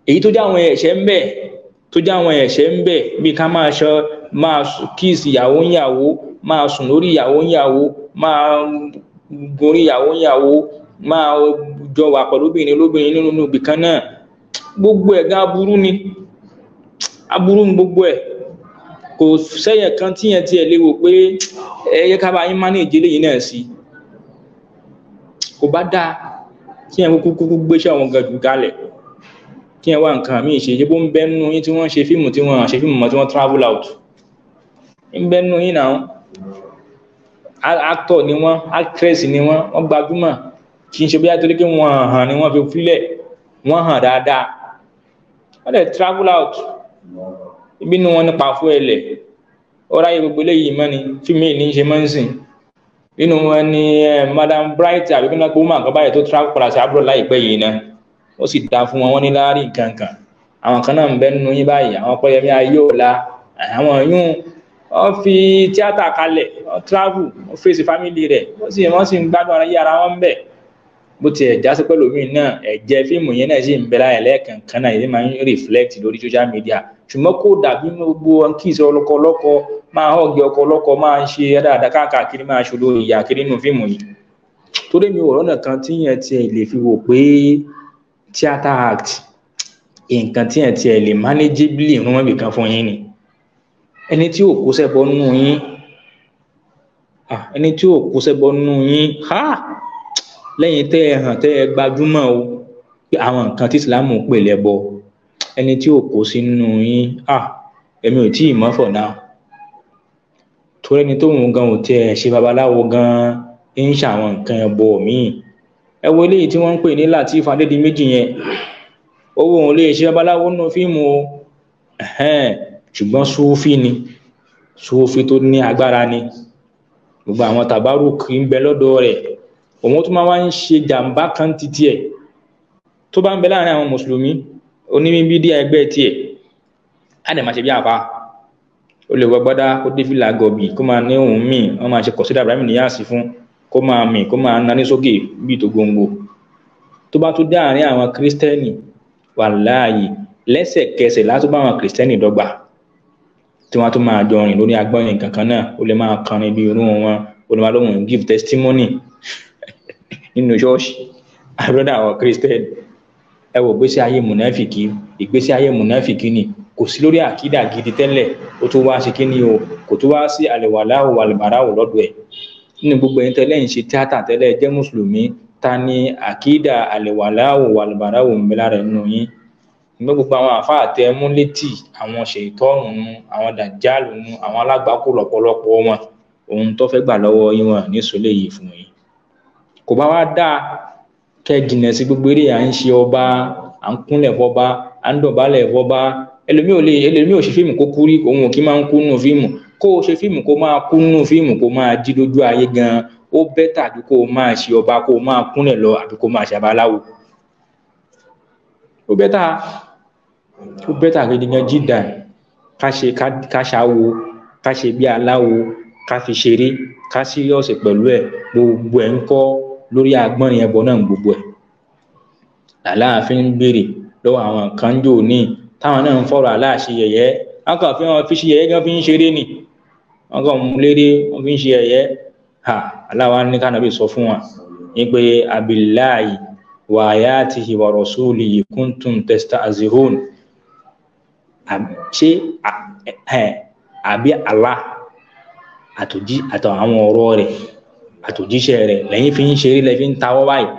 èyí tó jẹ́ àwọn ẹ̀ṣẹ̀ ń bẹ tó àwọn ń bẹ bí ká máa ṣọ máa kíìsì ìyàwó ń yàwó máa sùn lórí ìyàwó ń yàwó máa gorí ìyàwó máa jọ wà obìnrin nínú gbogbo ẹ aburú ni aburú ni gbogbo ẹ. kò sẹ́yìn kan tí yẹn tiẹ̀ léwo pé ẹyẹ ká bá yín má ní ìdílé yìí náà sí kò bá dáa kí yẹn kúkú kúkú gbéṣẹ́ àwọn gàdù kalẹ̀ kí yẹn wá nǹkan míì ṣe ṣe ń bẹ́ nínú yín tí wọ́n ṣe fíìmù tí wọ́n ṣe fíìmù mọ́ tí wọ́n travel out ń bẹ́ nínú yín náà actor ni wọ́n actress ni wọ́n wọ́n gbajúmọ̀ kì í ṣe bóyá torí pé wọ́n hàn ni wọ́n fi filẹ̀ wọ́n hàn dáadáa wọ́n dẹ̀ travel out ìbínú wọn nípa fún ẹlẹ ọ̀rọ̀ ayé gbogbo eléyìí mọ ni fíìmù yìí ní í ṣe mọ ń sìn nínú wọn ni madam bright àbíkúnlá pé woman kan báyìí tó travel padà sí abúlọ láìpẹ́ yìí náà ó sì dáa fún wọn wọn ní láàárín nǹkan kan àwọn kan náà ń bẹ nínú yín báyìí àwọn pẹyẹmí ayé ọ̀la àwọn yún wọ́n fi tíátà kalẹ̀ wọ́n travel wọ́n fèsì fámìlì rẹ̀ wọ́n sì wọ́n sì ń gbádùn ara yí ara wọn bẹ́ẹ̀ bó tiẹ̀ já sí pẹ̀lú mi náà ẹ̀jẹ̀ fíìmù yẹn náà sì ń bẹ̀rẹ̀ ẹlẹ́ẹ̀kankan náà yẹn máa ń reflect lórí social media ṣùgbọ́n kó dàbí gbogbo kíìsì ọlọ́kọ lọ́kọ máa họ́ọ̀gì ọkọ lọ́kọ máa ń ṣe dáadáa káàkiri máa ṣòro ìyà kiri nínú fíìmù yìí torí mi ò rọ́nà tí yẹn tiẹ̀ lè fi wò pé theatre act nǹkan tí yẹn tiẹ̀ lè manageably rún mọ́bì kan fún yín ni ẹni tí ò kó sẹ́bọ̀ nù yín ẹni tí ò kó sẹ́bọ̀ nù yín lẹ́yìn tẹ́ ẹ hàn tẹ́ ẹ gbajúmọ̀ o pé àwọn nǹkan tí ìsìláàmù pè lẹ́bọ ẹni tí ò kó sínú yín ah èmi ò tí ì mọ̀ fọ̀ náà torí ẹni tó ń gan ò tiẹ̀ ṣe babaláwo gan-an ń ṣàwọn nǹkan ẹbọ míì ẹ wo eléyìí tí wọ́n ń pè ní Lateef Adédìméjì yẹn owó òun lè ṣe babaláwo nínú fíìmù o ṣùgbọ́n sufi ni sufi tó ní agbára ni gbogbo àwọn tàbárùkù ń bẹ lọ́dọ̀ rẹ̀ òun tó máa wá ń ṣe jàǹbá kan ti tiẹ̀ tó bá ń bẹ láàrin àwọn mùsùlùmí onímíbídíà ẹgbẹ́ tiẹ̀ á dẹ̀ máa ṣe bí àfa ó lè wọ gbọ́dá kó dé fìlà gọ̀bì kó máa ní òun míì wọ́n máa ṣe kọ̀sídà Ibrahim Níyàsí fún kó máa mì kó máa naní sókè bíi tó gbòǹgbò tó bá tún dé àárín àwọn kírísítẹ́nì wà láàyè lẹ́sẹ̀kẹsẹ̀ látó bá àwọn kìrìsìtẹ́nì dọ́gba tí wọ́n á tún máa jọrin lórí agbọ́nrin kankan náà ó lè máa kọrin bí irú wọn ó lè máa lóhùn give testimony nínú ṣọ́ọ̀ṣì (laughs) àbúrọ̀dà àwọn Christian ẹ wò gbèsè ayé mùnáfìkì ìgbésí ayé mùnáfìkì ni kò sí lórí àkídà gidi tẹ́lẹ̀ ó tún wá sí kíni o kò tún wá sí àlèwàláwò àlèbàráwò lọ́dọ̀ ẹ̀ nínú gbogbo ẹ̀yin tẹ́lẹ̀ ń ṣe tíátà tẹ́lẹ̀ jẹ́ mùsùlùmí ta ni àkídà àlèwàláwò àlèbàráwò ń bẹ lára nínú yín nígbà gbogbo àwọn àfáà tẹ mú létí àwọn ṣètọ́nù àwọn dàjálù àwọn alágbákò lọ́pọ̀lọpọ̀ wọn ohun tó fẹ́ gbà lọ́wọ́ yín wọn ní sọlẹ̀ yìí fún yín kò bá wá dáa kẹ jìnnà sí gbogbo eré à ń ṣe ọba à ń kúnlẹ̀ fọba à ń dọ̀bálẹ̀ fọba ẹlòmíì ò lè ẹlòmíì ò ṣe fíìmù kó kú rí òun ò kí máa ń kú nù fíìmù kó o ṣe fíìmù kó máa kú nù fíìmù kó máa jí lójú ayé gan ó bẹ́tà bí kó o máa ṣe ọba kó o máa kúnlẹ̀ lọ àbí kó o máa ṣàbáláwo ó bẹ́tà ó bẹ́tà gidi gan jídà ká ṣe ká ṣàwo ká ṣe bí aláwo ká fi ṣeré ká síríọ̀sì pẹ̀lú ẹ̀ gbogbo ẹ̀ ń kọ́ lórí agbọ́nrin ẹbọ náà gbogbo ẹ̀ làláàfin ń béèrè lọ́wọ́ àwọn kan jò ní táwọn náà ń fọ̀rọ̀ aláàṣe yẹ̀yẹ́ wọn kàn fi wọn fi ṣe yẹ̀yẹ́ gan fi ń ṣeré ni wọn kàn mú lédè wọn fi ń ṣe yẹ̀yẹ́ ha aláwa ní kánàbì sọ fún wa ní pé abiláyì wa ayatihi wa rasulihi kuntum testazihun ṣé àbí Allah àtòjí àtàwọn ọ̀rọ̀ rẹ̀ àtòjíṣẹ́ rẹ̀ lẹ́yìn fi ń ṣeré lẹ́fi ń tawọ́ báyìí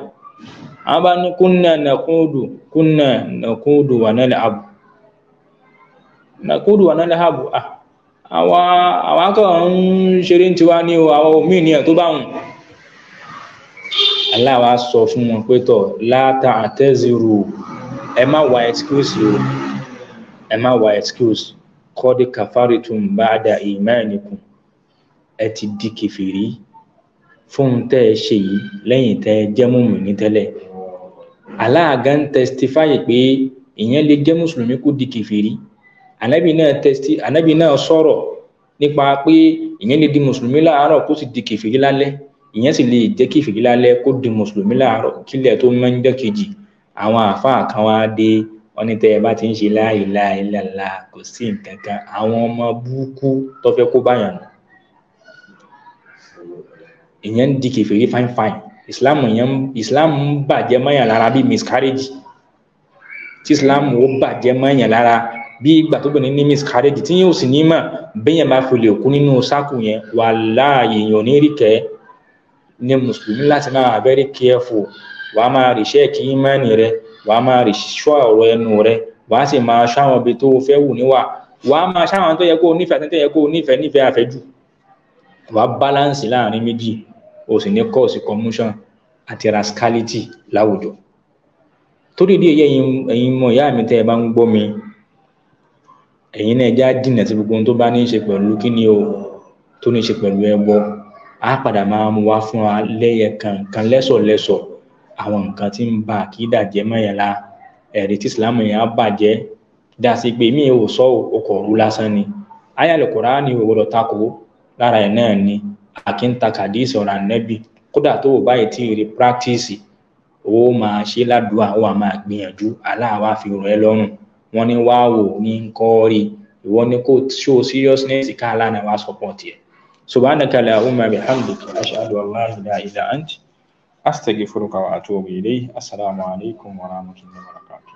àwọn bá ní kúnnà nàkúndù kúnnà nàkúndù wà náà lẹ́hàbù nàkúndù wà náà lẹ́hàbù àwọn akọ̀ọ̀ ń ṣeré ń tiwa ní o àwọn omi ni ẹ̀ tó bá wùn Allah wá sọ fún wọn pé tọ̀ láta àtẹ́zìrò ẹ má wá excuse o ẹ má wá excuse kọ́dí kàfárìtùm bá dà ìmáìnìkùn ẹ ti di kẹfìrí fóun tẹ ẹ ṣe yìí lẹ́yìn tẹ ẹ jẹ́ mùmùní tẹ́lẹ̀ aláàgá ń testify pé ìyẹn lè jẹ́ mùsùlùmí kó di kẹfìrí ànábì náà testi ànábì náà sọ̀rọ̀ nípa pé ìyẹn lè di mùsùlùmí láàárọ̀ kó sì di kẹfìrí lálẹ́ ìyẹn sì lè jẹ́ kẹfìrí lálẹ́ kó di mùsùlùmí láàárọ̀ kílẹ̀ tó máa ń jẹ́ kejì àwọn àáfàá kan wá dé wọn ní tẹ ẹ bá ti ń ṣe la ilaha illallah kò sí nǹkan kan àwọn ọmọ búkú tó fẹ́ kó báyàn nù ìyẹn ń di kèfèrí fine fine islam yẹn islam ń bàjẹ́ mọ́yàn lára bíi miscarriage tí islam ó bàjẹ́ mọ́yàn lára bí ìgbà tó bẹ̀rẹ̀ ní miscarriage tí yóò sì ní mà bẹ́yẹn bá fi lè kú nínú sáàkù yẹn wàláhì èèyàn ò ní rí ní mùsùlùmí láti máa very careful wàá máa rìṣẹ́ kí ìmánì rẹ wàá máa rìṣọ́ ọ̀rọ̀ ẹnu rẹ wàá sì máa ṣáwọn ibi tó fẹ́ wù níwà wàá máa ṣáwọn tó yẹ kó o nífẹ̀ẹ́ tó yẹ kó o nífẹ̀ẹ́ nífẹ̀ẹ́ àfẹ́jù wàá báláǹsì láàrin méjì o sì ní kọ́ọ̀sì commotion àti rascality láwùjọ torí ìdí èyí ẹ̀yin mọ̀ ìyá mi tẹ́ ẹ bá ń gbọ́ mi ẹ̀yin náà já dìnà sí gbogbo ohun tó bá ní í ṣe pẹ̀lú kí ni o tó ní í ṣe pẹ̀lú ẹbọ á padà máa mú wá fún wa lẹ́yẹ kankan lẹ́sọ̀lẹ́sọ̀ àwọn nǹkan tí ń ba àkídà jẹ́ mọ́yàn la ẹ̀rí tí ìsìlámù yẹn á bàjẹ́ dá pé mí ò sọ ọkọ̀ òru lásán ni ayálẹ̀ kùránì ò takò lára ẹ̀ náà ni akíntakàdísì ọ̀rọ̀ ànẹ́bì kódà tó o báyìí tí rí practice O máa ṣe ládùúgbà o wàá máa gbìyànjú aláàwá fi rọ̀ ẹ́ lọ́rùn wọ́n ní wá wò ní nǹkan rí ìwọ ní kò show seriousness ká aláàánú wá support yẹ. subhanaka allahumma bihamdika ashhadu an la ilaha illa ant astaghfiruka wa atubu ilayk assalamu alaikum wa rahmatullahi wa barakatuh.